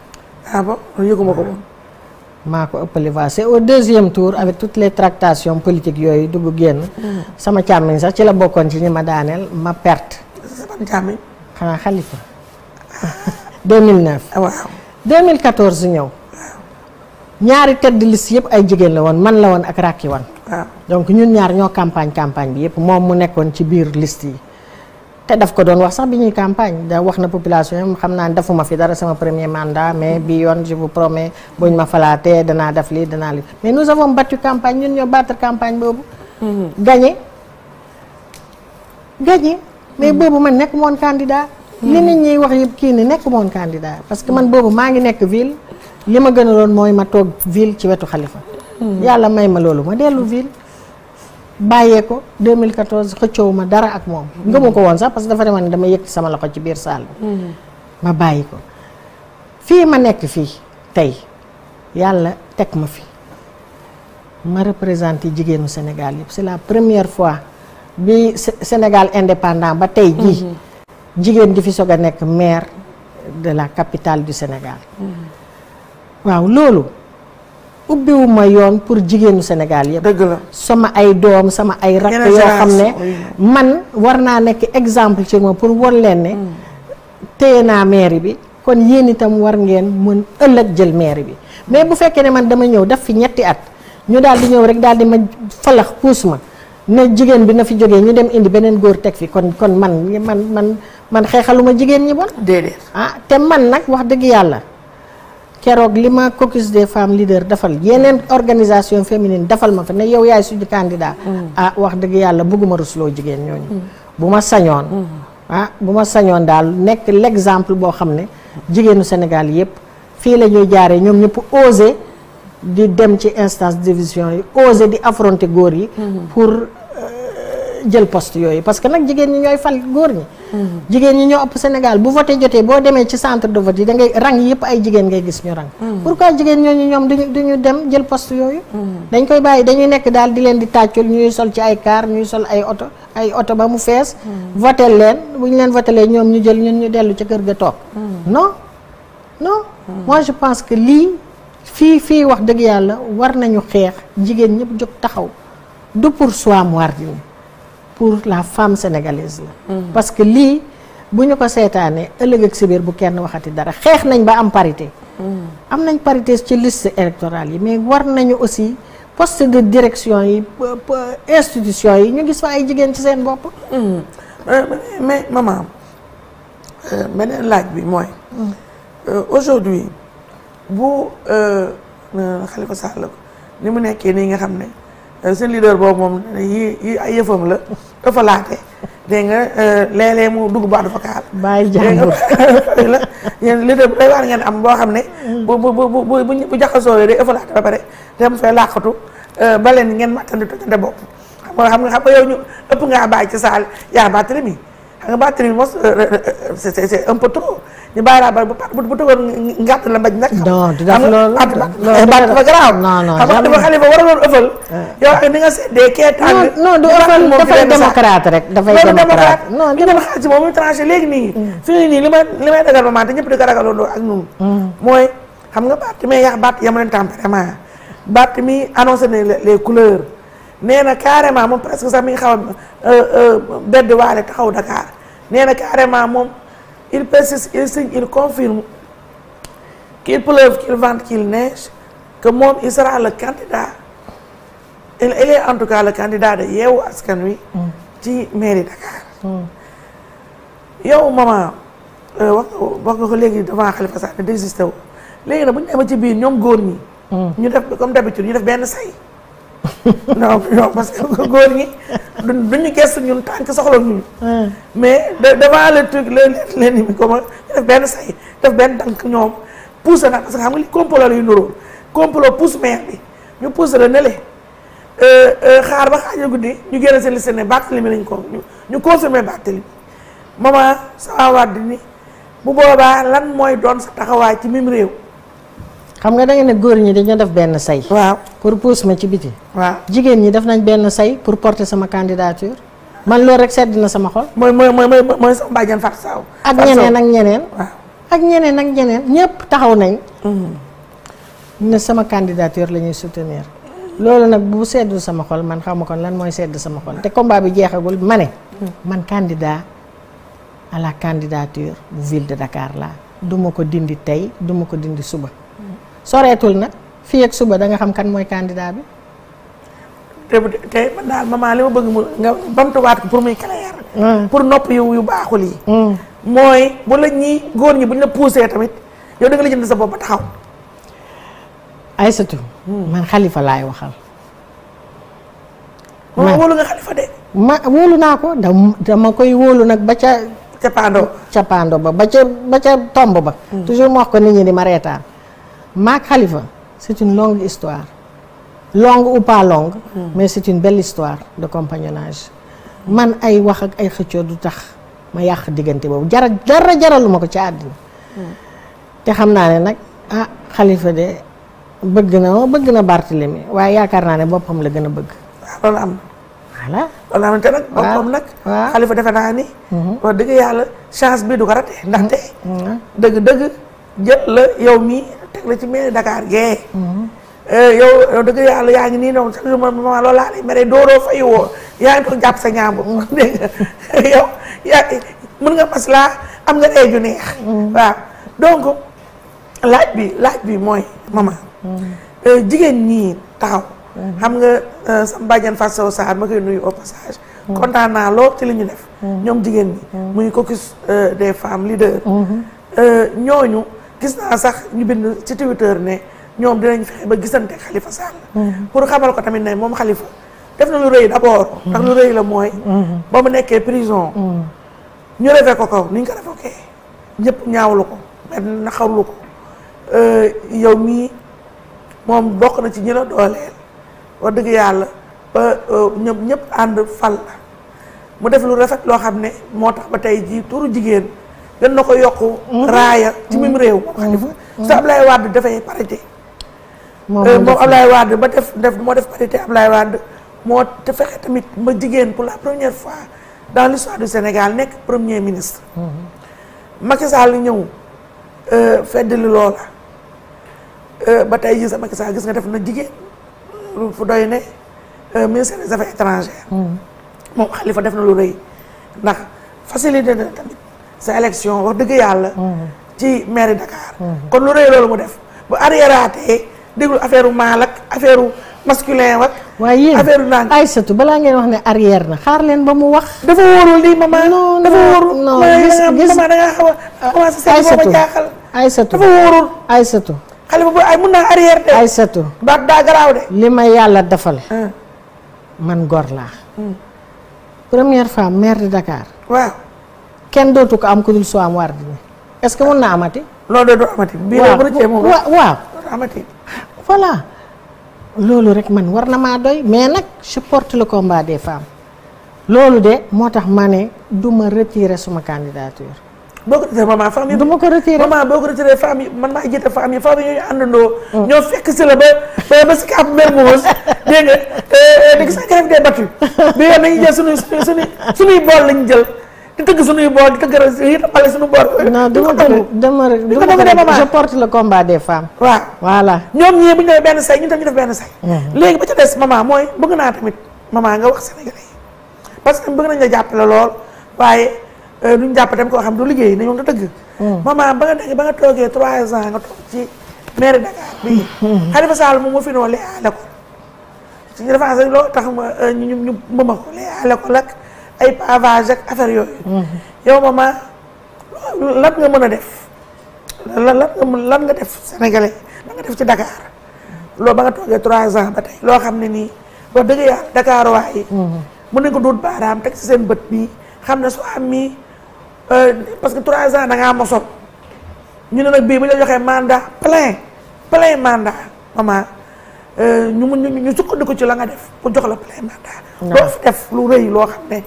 ah bon yëguma ko moom. maa ko ëppale voix c'est au deuxième tour avec toutes les tractations politiques yooyu dugg génn. Mm. sama càmmiñ sax ci la bokkoon ci ñi ma daaneel ma perte. sama càmmiñ. xanaa Khalifa. 2009. <laughs> Ah, waaw 2014 ñëw. ñaari tête de liste yëpp ay jigéen la woon man la woon ak Racky Wane. donc ñun ñaar ñoo campagne campagne bi yëpp moom mu nekkoon ci biir liste yi. te daf ko doon wax sax bi ñuy campagne da wax na population xam naa ne defuma fi dara sama premier mandat mais bi yoon je vous promets buñ ma falaatee danaa def lii danaa lii mais nous avons battu campagne ñun ñoo battre campagne boobu. Mm-hmm. gagné gagné. mais mm-hmm. boobu man nekk moon candidat. li mm-hmm. nit ñiy wax yëpp kii ni nekk moon candidat parce que man boobu maa ngi nekk ville li ma gën a loon mooy ma toog ville ci wetu xalifa. yàlla may ma loolu ma dellu ville. bàyyee ko 2014 ma dara ak moom. ngëmu ko woon sax parce que dafa demoon ne dama yëkkati sama loxo ci biir saal bi. Mm-hmm. ma bàyyi ko fii ma nekk fii tey yàlla teg ma fi ma représenté jigéenu Sénégal yëpp c'est la première fois bi Sénégal indépendant ba tey jii. Mm-hmm. jigéen gi fi soog a nekk maire de la capitale du Sénégal. Mm-hmm. waaw loolu. ubbiwuma yoon pour jigéenu Sénégal yëpp. dëgg la sama ay doom sama ay rakk yoo xam ne man war naa nekk exemple ci ma pour war leen ne hmm. téye naa mairie bi kon yéen itam war ngeen mun ëllëg jël meeri bi mais bu fekkee ne man dama ñëw def fi ñetti at ñu daal di ñëw rek daal di ma falax puus ma ne jigéen bi na fi jógee ñu dem indi beneen góor teg fi kon kon man man man man xeexaluma jigéen ñi bon déedéet ah te man nag wax dëgg yàlla keroog li ma caucus des femmes leaders defal yeneen organisation féminine defal ma fa ne yow yaay suñu candidat mm. ah wax dëgg yàlla bëgguma rusloo jigéen ñooñu mm. bu ma sañoon mm. ah, bu ma sañoon daal nekk l'exemple boo xam ne jigéenu Sénégal yépp fii lañuy jaaree ñoom ñëpp oser di dem ci instance division yi ose di affronter góor yi mm-hmm. pour euh, jël poste yooyu parce que nag jigéen ñi ñooy fal góor ñi jigéen ñi ñoo ëpp Sénégal bu voté jotee boo demee ci centre de vote yi da ngay rang yëpp ay jigéen ngay gis ñu rang mm. pourquoi jigéen ñooñu ñoom duñu duñu dem jël poste yooyu mm. dañ koy bàyyi dañuy nekk daal di leen di tàccul ñuy sol ci ay kaar ñuy sol ay oto ay oto ba mu fees mm. voté leen bu ñu leen voté ñoom ñu jël ñun ñu dellu ca kër ga toog non non moi je pense que lii fii fii wax dëgg yàlla war nañu xeex jigéen ñëpp jóg taxaw du pour soi-même pour la femme sénégalaise la. Mm-hmm. parce que lii bu ñu ko seetaanee ëllëg ak si bu kenn waxati dara xeex nañ ba am parité. Mm-hmm. am nañ parité ci liste électorale yi mais war nañu aussi poste de direction yi institution yi ñu gis fa ay jigéen ci seen bopp. Mm-hmm. Euh, mais maman euh, beneen laaj bi mooy. Mm. Euh, aujourd'hui bu Khalifa Sall ni mu nekkee nii nga xam ne. Euh, seen leader boobu moom yi yi ay yëfam la dafa laate nga euh, léeg-léeg mu dugg baatu fa kaal. bàyyi jàmbur dégg nga <laughs> yéen leader bu day waar boo xam ne. bu bu bu bu bu bu jaxasoo day ëffalaate ba pare dem fay làqatu euh, ba leen ngeen mattandi tojante bopp. xam nga xam nga yow ñu ëpp ngaa bàyyi ci saal yaa bàttali mi. xam nga batterie bi mos euh, euh, euh, c'est ba bu bu bu tëggoon ngàtt la mbaj nag. non du def loolu baat dafa garaaw. non non xam nga xalifa waraloon ah. nga seddee ma baat mi yàq baat yamu leen mi annoncé ne les couleurs. nee na carrément moom presque sax mi ngi xaw a euh, euh, bedd waale taxaw Dakar nee na carrément moom il persiste il signe il confirme qu'il pleuve qu'il vant qu'il neige que moom il sera le candidat il est en tout cas le candidat de Yewwi Askan Wi mm. ci mairie Dakar mm. yow maman euh, wax wax nga ko léegi devant Khalifa Sall ne désisté wu léegi nag bu ñu demee ci biir ñoom góor ñi mm. ñu def comme d'habitude ñu def benn say <laughs> non non parce que <laughs> góor ñi duñu gëstu ñun tànk soxla ñun. Hmm. mais devant le truc le l'ennemi comment def benn say def benn dank ñoom pousse na parce que xam nga li complot la yu nuroo complot pousse maire bi ñu pousse la ne le euh, euh, xaar ba xaajal guddi ñu génn seen liste ne Barthélemy lañ ko ñu confirmé Barthélemy maman sama waat di ni bu boobaa lan mooy doon sa taxawaay ci mim réew. xam nga da ne góor ñi dañoo def benn say. waaw pour pousse ma ci biti. waaw jigéen ñi def nañ benn say pour porter sama candidature. man loolu rek sedd na sama xol. mooy mooy mooy mooy sama bàjjan Fatou ak ñeneen ak ñeneen. ak ñeneen ak ñeneen ñëpp taxaw nañ. Mm-hmm. ne sama candidature lañuy ñuy loolu nag bu seddul sama xol man xaw ma kon lan mooy sedd sama xol te combat bi jeexagul ma ne. Mm-hmm. man candidat à la candidature bu ville de Dakar laa. duma ko dindi tey duma ko dindi suba. soreetul nag fii ak suba danga xam kan mooy candidat bi. te te daal maman li ma bëgg mu nga bantuwaat ko pour muy clair. Mm. pour nopp yu yu baaxul yi. Mm. mooy bu la ñi góor ñi bu ñu la poussé tamit yow da nga la jënd sa bopp ba taxaw. Mm. man xalifa laay waxal. man wóolu nga xalifa de. ma wóolu naa ko dama koy wóolu nag ba ca. cappaandoo cappaandoo ba ba ca ba ca tomb ba. toujours ma wax ko nit ñi di ma reetaan. maak Khalifa c' est une longue histoire longue ou pas longue. Hmm. mais c' une belle histoire de compagnonnage. man ay wax ak ay xëccoo du tax ma yàq diggante boobu jara dara jaraluma ko ci àddina. Hmm. te xam naa ne nag ah Khalifa de bëgg na ma bëgg na Barthélemy waaye yaakaar naa ne boppam la gën a bëgg. Ah, loolu am voilà loolu te nag boppam nag. Khalifa defe naa ni. Hmm. wax dëgg yàlla chance bi du ko rate ndaxte. dëgg dëgg. jël la yow mii teg la ci mairie Dakar gee eh, yow dëgg yàlla yaa ngi nii noonu chaque jour ma loolu laa mm. <laughs> mën nga mas laa am nga ay ju neex mm. waaw donc laaj bi laaj bi mooy maman mm. eh, jigéen ñii taxaw xam nga eh, sam bàjjan Fatou Sow Sarr ma koy nuyu au passage kontaan ci li def ñoom jigéen ñi muy caucus des femmes leaders mm-hmm. ñooñu gis naa sax ñu bind ci Twitter ne ñoom dinañ fexe ba gisante Khalifa Sall pour xamal ko tamit ne moom Khalifa def na lu rëy d'abord ndax lu rëy la mooy ba mu nekkee prison ñu refe ko kaw ni ñu ko refookee ñëpp ñaawlu ko na naxawlu ko euh, yow mii moom bokk na ci ñi la dooleel wax dëgg yàlla ba euh, ñoom ñëpp ànd fal la mu def lu rafet loo xam ne moo tax ba tey jii turu jigéen gën na ko yokk raaya ci même réew moom Xalifa sa Ablaye Wade dafay parité moom euh, Ablaye Wade ba def def moo def parité Ablaye Wade moo te fexe tamit ma jigéen pour la première fois dans l'histoire du Sénégal nekk premier ministre mm-hmm. Macky Sall ñëw euh, feddali loola euh, ba tey jii sa Macky Sall gis nga def na jigéen fu doy ne ministère des affaires étrangères mm-hmm. moom Khalifa def na lu rëy ndax facilité na tamit sa élection wax dëgg yàlla. Mhm. ci mairie Dakar. Mhm. kon lu rëy loolu mu def bu arriéraatee déglu affaire maal ak affaire masculin wak waaye yéen affaire naan balaa ngeen wax ne arrière na xaar leen ba mu wax. dafa wóorul lii maman. non dafa wóorul a ay mun naa arrière de. Aïssatou baat daa garaaw de. li ma yàlla defal. Ah. man gor laa. Hmm. première femme maire Dakar. waaw. kenn dootu ko am ku dul Soham Wardini est-ce que mun na amati. loolu doo amati. bii waaw loolu rek man war na maa doy mais nag je porte le combat des femmes loolu de moo tax ma ne du ma retirer suma candidature. boo ko retiré maman femme yi. du ma ko retiré maman boo ko man maa jiite femme yi femme yi ñoo àndandoo. Mm. ñoo fekk si la ba ba ba si kàpp mer moos dégg nga eh, eh, di gis nga <laughs> bool lañu jël. di tëgg suñuy boor di tëgg yi tapale suñu boor. non du ma ko dama rek du ma je porte le combat des femmes. waaw ñoom ñii bu ñu benn say ñu tam ñu def benn say. Hm. léegi ba ca des maman mooy bëgg naa tamit maman nga wax Sénégalais yi parce que bëgg nañ la lool waaye euh, duñ jàpp tamit koo xam du liggéey dañoo nga tëgg. Hm. maman ba nga dégg ba nga toogee trois ans nga toog ci maire Dakar bii. Hm, Khalifa Sall moom moo fi noo lee aale ko. ci ñu defee loolu tax euh, ñu ñu ñu mbëma ko lee ay pavage ak affaire yooyu. yow maman lan nga mën a def lan lan nga def sénégalais lan nga def ci Dakar loolu ba nga toogee trois ans ba tey loo xam ne nii wax dëgg yàlla Dakar waaye. mën nañ ko duut baaraam teg ci seen bët bi xam ne soo am mi euh, parce que trois ans da ngaa mosoon ñu ne nag bii bu ñu la joxee mandat plein plein mandat maman. Euh, ñu mun ñu sukkandiku ci la nga def ku jox la plein mandat. loo fi def lu rëy loo xam ne.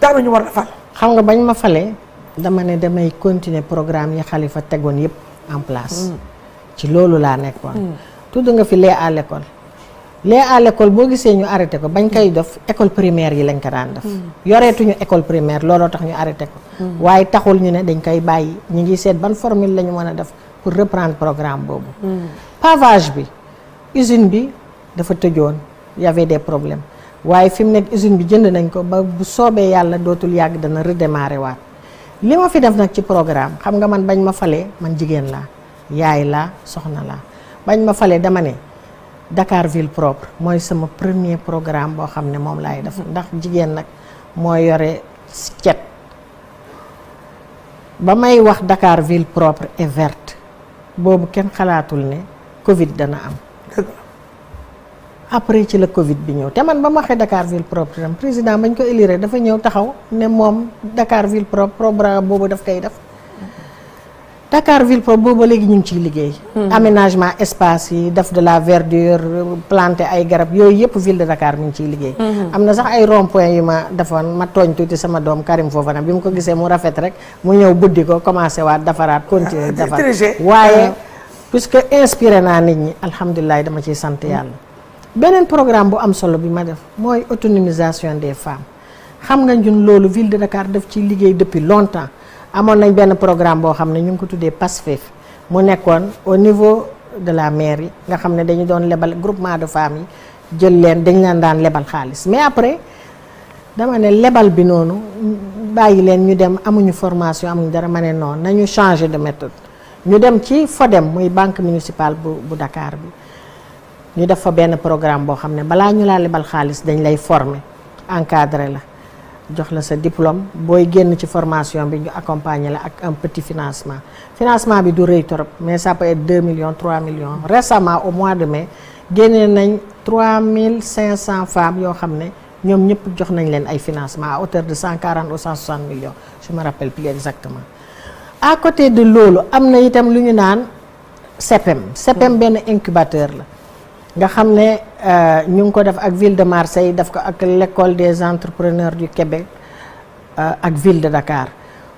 waaw ñu war a fal. xam nga bañ ma falee dama ne damay continuer programme yi Xalifa tegoon yëpp en place. Mm. ci loolu laa nekkoon. Mm. tudd nga fi lee à l'école. lee à l'école boo gisee ñu arrêté ko bañ koy def école primaire yi lañ ko daan def. Mm. yoreetuñu école primaire looloo tax ñu arrêté ko. waaye taxul ñu ne dañ koy bàyyi ñu ngi seet ban formule la ñu mën a def pour reprendre programme boobu. pavage bi. usine bi dafa tëjoon y avait problème waaye fi mu nekk usine bi jënd nañ ko ba bu soobee yàlla dootul yàgg dana redémarrer waat li ma fi def nag ci programme xam nga man bañ ma falee man jigéen laa yaay laa soxna laa bañ ma falee dama ne Dakar ville propre mooy sama premier programme boo xam ne moom laay def ndax jigéen nag moo yore cet ba may wax dakaar ville propre et boobu kenn xalaatul ne Covid dana am après ci la Covid bi ñëw te man ba ma waxee Dakar ville propre tam président bañ ko élire dafa ñëw taxaw ne moom dakaar ville propre programme boobu daf koy def Dakar ville propre boobu léegi ñu ngi ciy liggéey. Hmm. aménagement espace yi def de la verdure plante ay garab yooyu yëpp ville de Dakar mi ngi ciy liggéey. Hmm. am na sax ay rond point ma defoon ma tooñ tuuti sama doom Karim Fofana bi mu ko gisee mu rafet rek mu ñëw buddi ko commencé waat defaraat continuer ah, defar waaye hmm. puisque inspiré naa nit ñi alhamdulilah dama ciy sant yàlla. beneen programme bu am solo bi ma def mooy autonomisation des femmes xam nga ñun loolu ville de Dakar def ci liggéey depuis longtemps amoon nañ benn programme boo xam ne ñu ngi ko tuddee PASFEF mu nekkoon au niveau de la yi nga xam ne dañu doon lebal groupement de femmes yi jël leen dañ leen daan lebal xaalis mais après dama ne lebal bi noonu bàyyi leen ñu dem amuñu formation amuñu dara ma ne noonu nañu changer de méthode ñu dem ci FODEM muy banque municipale bu bu Dakar bi ñu def fa benn programme boo xam ne balaa ñu laa lebal xaalis dañ lay former encadrer la jox la sa diplôme booy génn ci formation bi ñu accompagner la ak un petit financement financement bi du rëy torop mais ça peut deux 2 millions 3 millions au mois de mai génne nañ 3500 femmes yoo xam ne ñoom ñëpp jox nañ leen ay financement à hauteur de 140 ou 160 millions je me rappelle plus exactement à côté de loolu am na itam lu ñu naan CPM e CPM e benn incubateur la nga xam ne euh, ñu ngi ko def ak ville de Marseille def ko ak lekkool des entrepreneurs du Québec euh, ak ville de Dakar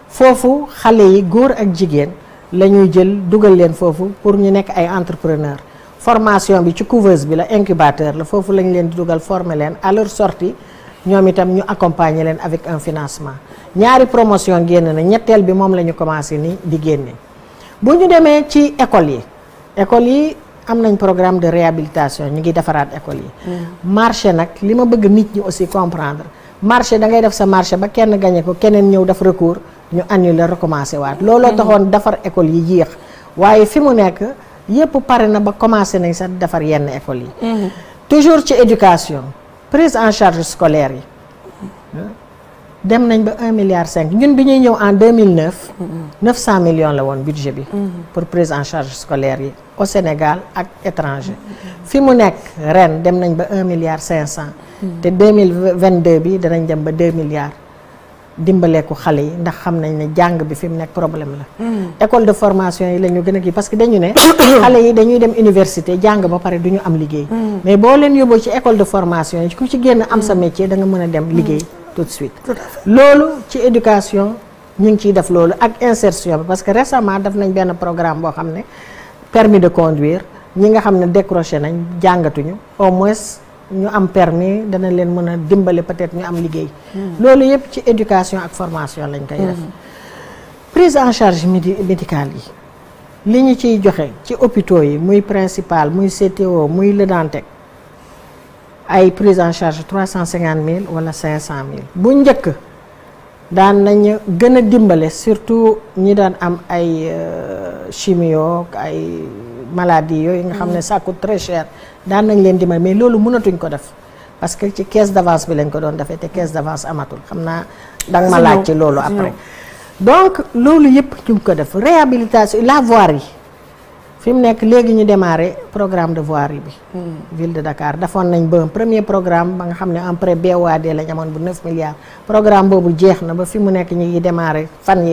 foofu xale yi góor ak jigéen la ñuy jël dugal leen foofu pour ñu nekk ay entrepreneur formation bi ci couveuse bi la incubateur la foofu lañ leen di dugal former leen à sorti ñoom itam ñu accompagner leen avec un financement ñaari promotion génn na ñetteel bi moom la ñu commencé ni di génne bu ñu demee ci école yi école yi am nañ programme de réhabilitation ñu ngi defaraat école yi. marché nag li ma bëgg nit ñi aussi comprendre marché da ngay def sa marché ba kenn gañe ko keneen ñëw dafa recours ñu annu annuler recommencer waat. looloo mm-hmm. taxoon defar école yi yéex waaye fi mu nekk yépp pare na ba commencé nañ sax defar yenn école yi. Mm-hmm. toujours ci éducation prise en charge scolaire yi. dem nañ ba un milliard cinq ñun bi ñuy ñëw en 2009. 900 mm-hmm. millions la woon budget bi. pour prise en charge yi. au Sénégal ak étranger fi mu nekk ren dem nañ ba un milliard cinq cent te deux mille vingt deux bi danañ dem ba deux milliards dimbaleeku xale yi ndax xam nañ ne jàng bi fi mu nekk problème la mm. école de formation yi la ñu gën a kii parce que dañu ne <coughs> xale yi dañuy dem université jàng ba pare du ñu am liggéey mm. mais boo leen yóbboo ci école de formation yi ku ci génn am sa mm. métier da nga mën a dem liggéey tout de suite loolu ci éducation ñu ngi ciy def loolu ak insertion bi parce que récemment def nañ benn programme boo xam ne permis de conduire ñi nga xam ne décroché nañ jàngatuñu au moins ñu am permis dana leen mën a dimbale peut-être ñu am liggéey. Hmm. loolu yëpp ci éducation ak formation lañ koy def. Hmm. prise en charge médicale yi li ñu ciy joxe ci hôpitaux yi muy principal muy CTO muy ledante ay prise en charge trois cent cinquante mille wala cinq cent mille bu njëkk daan nañu gën a dimbale surtout ñi daan am ay. Euh, chimio ay maladie yooyu nga xam ne ça mm. coûte très cher daan nañ leen dimbali mais loolu mënatuñ ko def parce que ci caisse d'avance bi lañ ko doon defee te caisse d'avance amatul xam naa danga ma laaj ci loolu après donc loolu yëpp ñu ko def réhabilitation la voirie yi fi mu nekk léegi ñu démarré programme de voirie bi mm. ville de Dakar defoon nañ ba premier programme ba nga xam ne en prêt BOAD lañ amoon bu 9 milliards programme boobu jeex na ba fi fan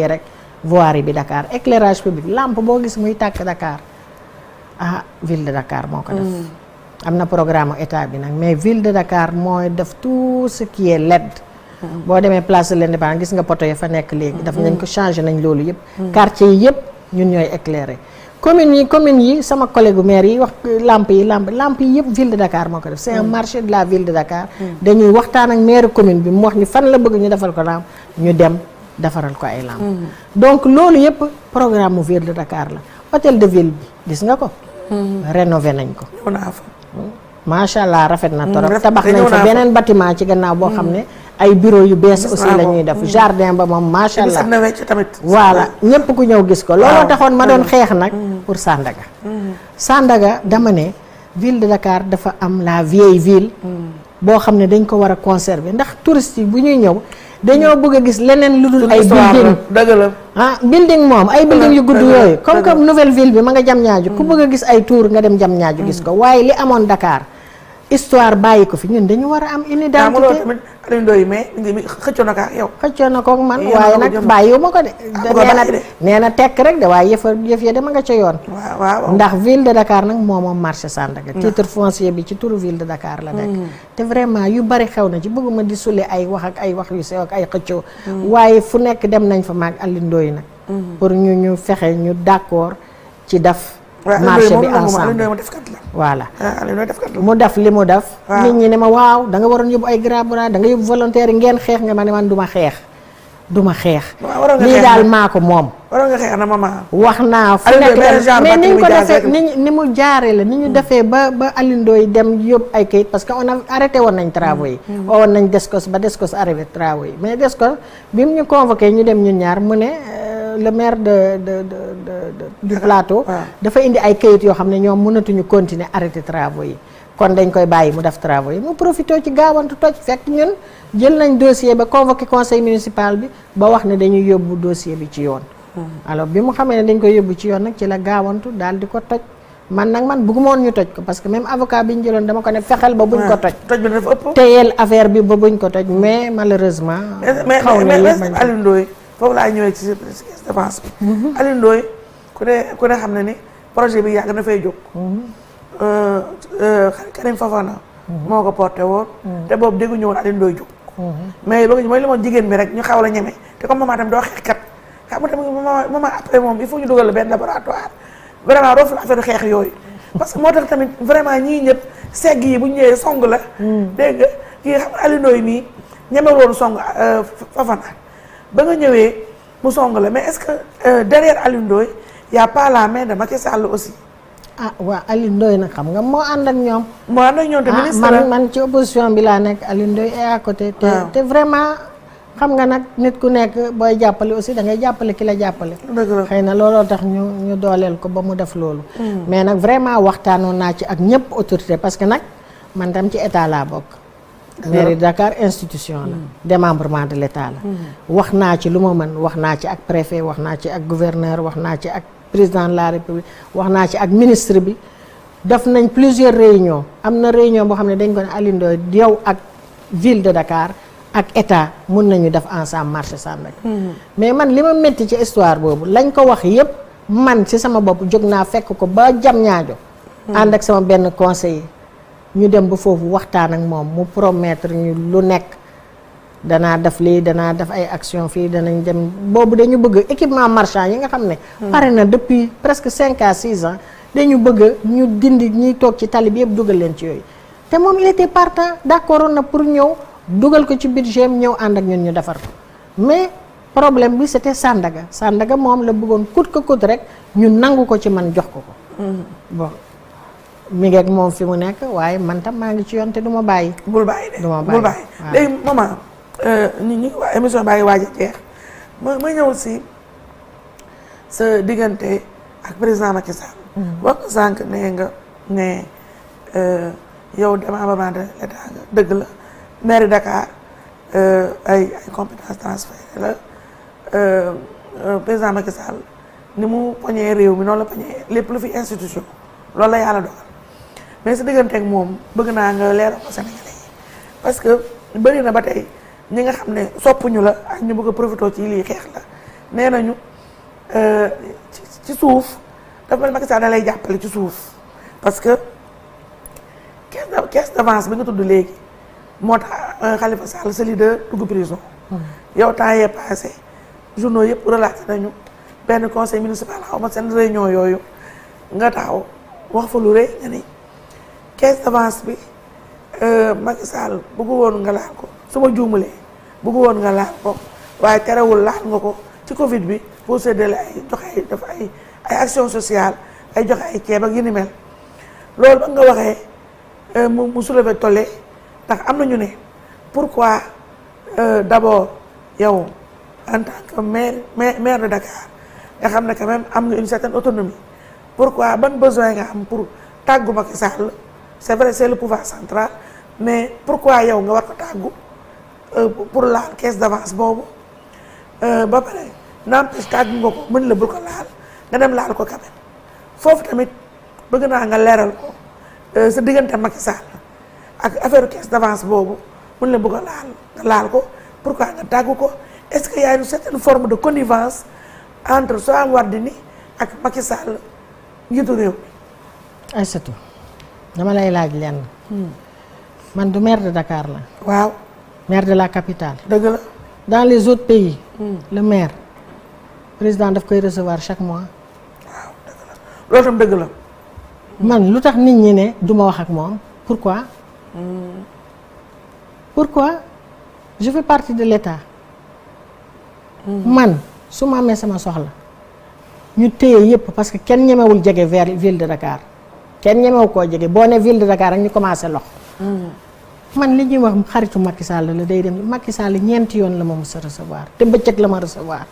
voirie bi Dakar éclairage public làmp boo gis muy tàkk Dakar ah ville de Dakar moo ko def. Mm. am na programme état bi nag mais ville de Dakar mooy def tout ce qui est LED. Mm. boo demee place de l'Indépendance gis nga poto ya fa nekk léegi. daf mm. nañ ko changé nañ loolu yëpp. quartier yi yëpp ñun ñooy éclairer. commune yi commune yi sama collègue maire yi wax lampe yi lampe lampe yi yëpp ville de Dakar moo ko def. c' marché de la ville de Dakar. dañuy waxtaan ak maire commune bi mu wax ñu fan la bëgg ñu defal ko lampe ñu dem. defaral ko ay làmp mm. donc loolu yëpp programme mu ville de Dakar la hôtel de ville bi gis nga ko mm. rénové nañ ko mm. macha allah rafet na torop tabax nañ fa beneen bâtiment ci gannaaw boo xam ne ay bureau yu bees aussi la ñuy def jardin ba moom macha allah voilà ñépp ku ñëw gis ko looloo taxoon ma doon xeex nag pour Sandaga Sandaga dama ne ville de Dakar dafa am la vieille ville boo xam ne dañ ko war a conserver ndax tourist yi bu ñuy ñëw dañoo bëgg a gis leneen lu dul ay building la ah building moom ay building yu gudd yooyu comme comme nouvelle ville bi ma nga jam ñaaju ku mm. bëgg a gis ay tour nga dem jam ñaaju gis ko mm. waaye li amoon Dakar histoire bàyyi ko fi ñun dañu war a am une identité waaw loolu tamit Aliou Ndoye mais xëccoo na ko ak yow. xëccoo na ko ak man waaye nag bàyyiwuma ko de. Ah, de na tekk rek de waaye yëf yëf ya dama nga ca yoon. ndax ville de Dakar nag moo moom marché Sandaga. titre foncier bi ci turu ville de dakaar la nekk. Mm. te vraiment yu bari xew na ci bëgguma di sule ay wax ak ay wax yu sew ak ay xëccoo. Mm. waaye fu nekk dem nañ fa maag Aliou Ndoye nag. Mm. pour ñu ñu fexe ñu d'accord ci daf. marché bi ensemble waaw voilà ah, mu def li mu def. nit ñi ne ma waaw da nga waroon yóbbu ay Grand Bras da nga yóbbu volontaire yi ngeen xeex nga ma ne man du ma xeex. du ma xeex. lii daal maa ko moom. waroon ma wax naa fu nekk mais ni ni mu jaare la ni ñu hmm. defee ba ba alindo yi dem yóbbu ay kayit parce que on a arrêté woon nañ travaux yi. Hmm. woon nañ Descos ba Descos arrêté travaux yi mais Descos bi mu ñu convoqué ñu dem ñun ñaar mu ne. le maire de de de de du plateau. Ah. dafa indi ay kayit yoo xam ne ñoom mënatuñu continuer arrêté travaux yi. kon dañ koy bàyyi mu def travaux yi mu profité ci gaawantu toj fekk ñun jël nañ dossier ba convoqué conseil municipal bi ba wax ne dañuy yóbbu dossier bi ci yoon. Ah. alors bi mu xamee ne dañ koy yóbbu ci yoon nag ci la gaawantu daal di ko toj. man nag man bëgguma woon ñu toj ko parce que même avocat bi ñu jëloon dama ko ne fexeel ba buñ ko ah, toj. toj bi dafa ëpp. ko toj hmm. mais malheureusement. xaw foofu laay ñëwee ci caisse d'avance bi. Mhm. Alioune ku ne ku ne xam ne ni projet bi yàgg na fay jóg. Mhm. Euh, euh, Karim Fafana. Mhm. moo ko porté woon. te boobu dégguñu woon Alioune Ndoye jóg. mais loolu mooy li ma jigéen bi rek ñu xaw la ñeme te comme maman tam doo xeex kat xam nga tamit maman après moom il faut ñu dugal benn laboratoire vraiment roofu la affaire xeex yooyu. parce que moo tax tamit vraiment ñii ñëpp segg yi bu ñu ñëwee song la. dégg kii xam Alioune Ndoye mii ñeme woon song euh, Fafana. ba nga ñëwee mu song la mais est-ce que euh, derrière Alioune Ndoye y la main de Macky Sall aussi. ah waa Alioune Ndoye nag xam nga moo ànd ak ñoom. moo ànd ak ñoom te ah, ministre man man ci opposition bi laa nekk Alioune Ndoye est côté. te vraiment xam nga nag nit ku nekk booy jàppale aussi da ngay jàppale ki la jàppale. xëy na looloo tax ñu ñu dooleel ko ba mu def loolu. Hmm. mais nag vraiment waxtaanoon naa ci ak ñëpp autorité parce que nag man tam ci état laa bokk. mairie Dakar institution la hmm. démembrement de l'état la hmm. wax naa ci lu ma mën wax naa ci ak préfet wax naa ci ak gouverneur wax naa ci ak président de la république wax naa ci ak ministre bi def nañ plusieurs réunions am na réunion boo xam ne dañ ko ne Alioune Ndoye yow ak ville de Dakar ak état mun nañu def ensemble marché Sandaga hmm. mais man li ma métti ci histoire boobu lañ ko wax yépp man ci sama bopp jóg naa fekk ko ba jam ñaajo ànd ak sama benn conseiller ñu dem ba foofu waxtaan ak moom mu promettre ñu lu nekk danaa def lii danaa def ay action fii danañ dem boobu dañu bëgg équipement marchand yi nga xam ne hmm. pare na depuis presque cinq à six ans dañu bëgg ñu dindi ñuy toog ci tali bi yëpp dugal leen ci yooyu te moom il était partant d'accord na pour ñëw dugal ko ci budget am ñëw ànd ak ñun ñu defar ko mais problème bi c'était Sandaga sàndaga moom la bëggoon coûte que coûte rek ñu nangu ko ci man jox ko ko hmm. mi ngeeg moom fi mu nekk waaye man tam maa ngi ci yoon te du ma bàyyi. bul bàyyi de bul bàyyi léegi maman ñu euh, ñu waa émission baa waaj a jeex ma ma ñëw si sa diggante ak président Macky Sall. Mm-hmm. sànq nee nga ne euh, dëgg la maire Dakar euh, ay ay compétence transférée ni mu poñee réew mi noonu la poñee lépp lu fi institution loolu la yàlla dogal mais sa diggante moom bëgg naa nga leeral ko Sénégalais yi parce que bëri na ba tey ñi nga xam ne soppuñu la ak ñu bëgg a profité ci lii xeex la nee nañu euh, ci suuf dafa mel Macky Sall lay jàppale ci suuf parce que caisse d'avance bi nga tudd léegi moo tax euh, Khalifa Sall sa leader dugg prison hmm. yow temps yee passé journaux yëpp relaté nañu benn conseil municipal xaw ma seen réunion yooyu nga taxaw wax fa lu rëy nga ni caisse d'avance bi euh, Macky Sall bëggu woon nga laal ko su ma juumalee bëggu woon nga laal ko waaye terewul laal nga ko ci Covid bi pour séddale ay joxe ay def ay action sociale ay joxe ay ceeb ak yu ni mel loolu ba nga waxee euh, mu mu soulevé tolle ndax am na ñu ne pourquoi euh, d'abord yow en tant que maire maire de nga xam ne quand même am nga une certaine autonomie quoi ban besoin nga am pour tàggu Macky Sall c'est vrai c'est le pouvoir central mais pourquoi yow nga war ko tàggu euh, pour laal caisse d'avance boobu euh, ba pare n'empêche tàggu nga ko mën la bu ko laal nga dem laal ko quand foofu tamit bëgg naa nga leeral ko euh, sa diggante Macky Sall ak affaire caisse d'avance boobu mën la bu laal nga laal ko pourquoi nga tàggu ko est-ce que y a une forme de connivence entre Soham Wardini ak Macky njiitu réew mi. dama lay laaj lenn. Hmm. man du maire de Dakar la. waaw maire de la capitale. dëgg dans les autres pays. Hmm. le maire président daf koy recevoir chaque mois. waaw dëgg la loolu tam dëgg la. Hmm. man lu tax nit ñi ne du ma wax ak moom pourquoi. pourquoi je fais partie de l'État. man su ma amee sama soxla. ñu téye yépp parce que kenn ñemewul jege vers ville de Dakar. kenn ñemewu koo jege boo ne ville de Dakar rek ñu commencé lox mm. man li ñuy wax xaritu Macky Sall la day dem Macky Sall ñeenti yoon la ma mës a recevoir te bëccëg la ma recevoir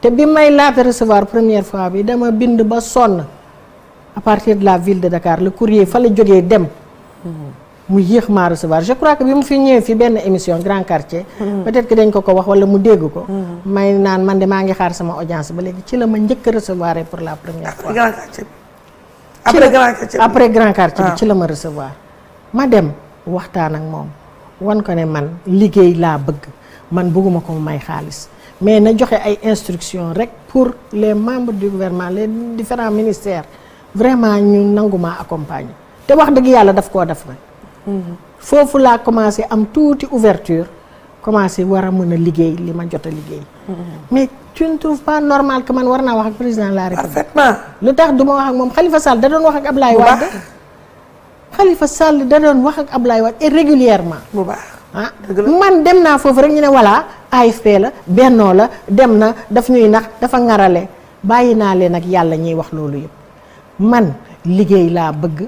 te bi may laata recevoir première fois bi dama bind ba sonn à partir de la ville de Dakar le courrier fa la jógee dem mm. mu yéex maa recevoir je crois que bi mu fi ñëwee fi benn émission Grand Quartier mm. peut-être que dañ ko ko wax walla mu dégg ko may naan man de maa ngi xaar sama audience ba léegi ci la ma njëkk recevoir pour la après grand quartier après grand quartier bi ah. ci la ma recevoir. ma dem waxtaan ak moom wan ko ne man liggéey laa bëgg man bëgguma ko may xaalis mais na joxe ay instructions rek pour les membres du gouvernement les différents ministère vraiment ñu nanguma maa accompagner te wax dëgg yàlla daf koo def nag. Mm-hmm. foofu laa commencé am tuuti ouverture commencé war a mën a liggéey li ma jot a liggéey. Mm-hmm. mais tu ne trouves pas normal que man war naa wax ak président de la lu tax du ma wax ak moom Khalifa Sall da doon wax ak Ablaye Wade. Khalifa Sall da doon wax ak Ablaye Wade et régulièrement. bu baax ah man dem naa foofu rek ñu ne voilà AFP la bennoo la dem na daf ñuy nax dafa ŋarale bàyyi naa leen ak yàlla ñuy wax loolu yëpp man liggéey laa bëgg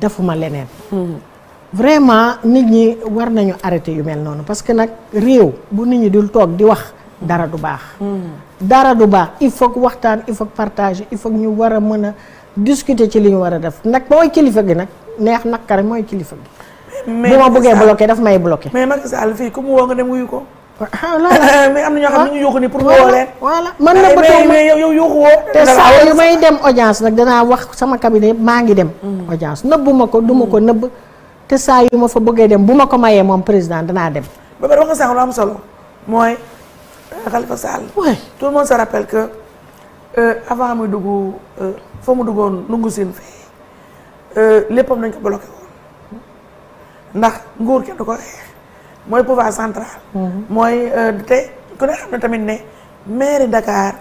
defuma leneen. Mm-hmm. vraiment nit ñi war nañu arrêté yu mel noonu parce que nag réew bu nit ñi dul toog di wax dara du baax. Mm. dara du baax il faut waxtaan il faut partage il faut ñu war a mën a discuter ci li ñu war a def nag mooy kilifa gi nag neex nag nakkare mooy kilifa gi. mais bu ma bëggee bloqué daf may mais Macky Sall fii ku mu woo nga dem ko. ah, ah voilà <laughs> mais am ñoo xam ne ñu yuuxu ni pour. woo leen voilà na bëgg mais yow yow yuuxu woo. te saa yu may dem audience nag danaa wax sama cabinet yëpp maa ngi dem. Mm. audience nëbbu ma ko du ma ko mm. nëbb. te saa yu ma fa bëggee dem bu ma ko mayee moom président danaa dem. ba pare wax nga sànq lu am solo mooy euh, Khalifa Sall. oui tout le que euh, avant muy dugg euh, foo mu duggoon nungu siin fee léppam nañ ko bloqué woon ndax nguur kenn du ko xeex mooy pouvoir central. Mhm. mooy te ku ne xam na tamit ne mairie Dakar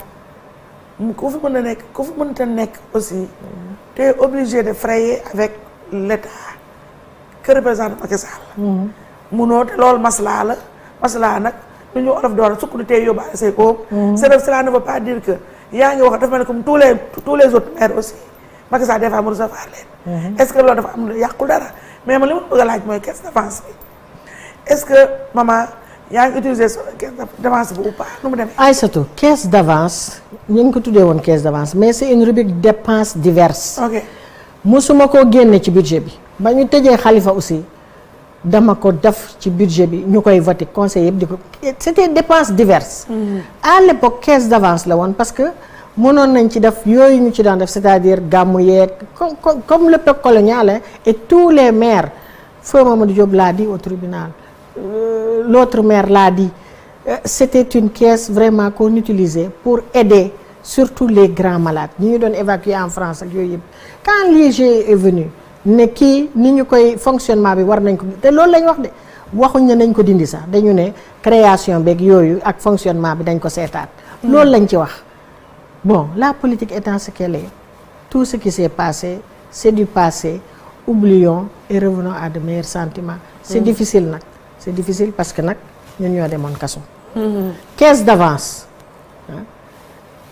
ku fi mën a nekk ku fi mënta nekk aussi. Mhm. te obligé de frayer avec l' que représente Macky Sall. munoo te loolu maslaa la maslaa nag lu ñu olof doon sukk du tey yóbbaale say koom. c'est mm-hmm. cela ne veut pas dire que yaa ngi wax dafa mel ni comme tous les tous mm-hmm. que loolu dafa am yàqul laaj mooy caisse d'avance bi est-ce que maman yaa ngi utiliser caisse d'avance bu ou pas nu mu demee. Aïssatou caisse d'avance ñu ngi ko tuddee woon caisse d'avance mais c'est une rubrique dépenses diverses. ok mosuma koo génne ci budget bi. ba ñu tëjee xalifa aussi dama ko def ci budget bi ñu koy voté conseil yëpp di ko c'était dépense diverses mm-hmm. à l'époque caisse d'avance la woon parce que mënoon nañ ci def yooyu ñu ci daan def c'est-à-dire gàmmu yeeg comme le l'époque coloniale et tous les maires feu Mamadou Diop l'a dit au tribunal euh, l'autre maire l'a dit euh, c'était une caisse vraiment qu'on utilisait pour aider surtout les grands malades ñu ñu doon évacuer en France ak yooyu yëpp quand l'IG est venu ne kii ni ñu koy fonctionnement bi war nañ ko te loolu lañ wax de waxuñ ne nañ ko dindi sax dañu ne création beeg yooyu ak fonctionnement bi dañ ko seetaat mm. loolu lañ ci wax bon la politique étant ce qu'elle tout ce qui s'est passé c'est du passé oublions et revenons à de meilleurs sentiments c'est mmh. difficile nag c'est difficile parce que nag ñun ñoo demoon kaso mm-hmm. caisse d'avance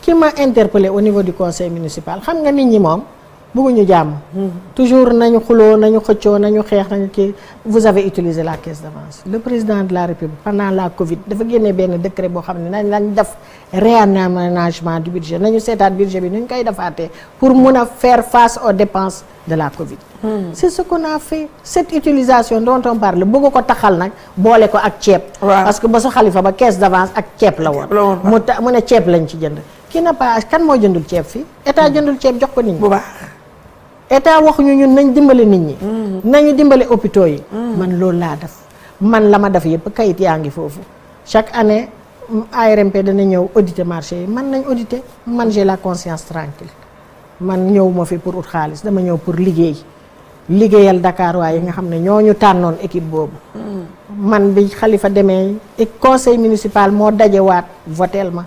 ki ma interpellé au niveau du conseil municipal xam nga nit ñi moom bëgguñu jàmm. Hmm. toujours nañu xuloo nañu xëccoo nañu xeex nañu kii vous avez utilisé la caisse d'avance le président de la république pendant la Covid dafa génne benn décret boo xam ne nañ lañ def réaménagement du budget nañu seetaat budget bi nu ñu koy defaatee pour mun a faire face aux dépenses de la Covid. Hmm. c'est ce qu'on a fait cette utilisation dont on parle bëgg ko taxal nag boole ko ak ceeb. parce que ba su xalifa ba caisse d'avance ak ceeb la woon. mu ta mu ne ceeb lañ ci jënd. ki na pas kan moo jëndul ceeb fii état hmm. jëndul ceeb jox ko nit ñi. bu état waxuñu ñun nañ dimbale nit ñi. Mm-hmm. nañu dimbale hôpitaux yi. Mm-hmm. man loolu laa def man la ma def yëpp kayit yaa ngi foofu chaque année ARMP dana ñëw auditer marché yi man nañ auditer man j'ai la conscience tranquille man ñëwuma fi pour ut xaalis dama ñëw pour liggéey. liggéeyal ndakaar waaye yi nga xam ne ñoo ñu tànnoon équipe boobu. Mm-hmm. man bi xalifa demee conseil municipal moo dajewaat votel ma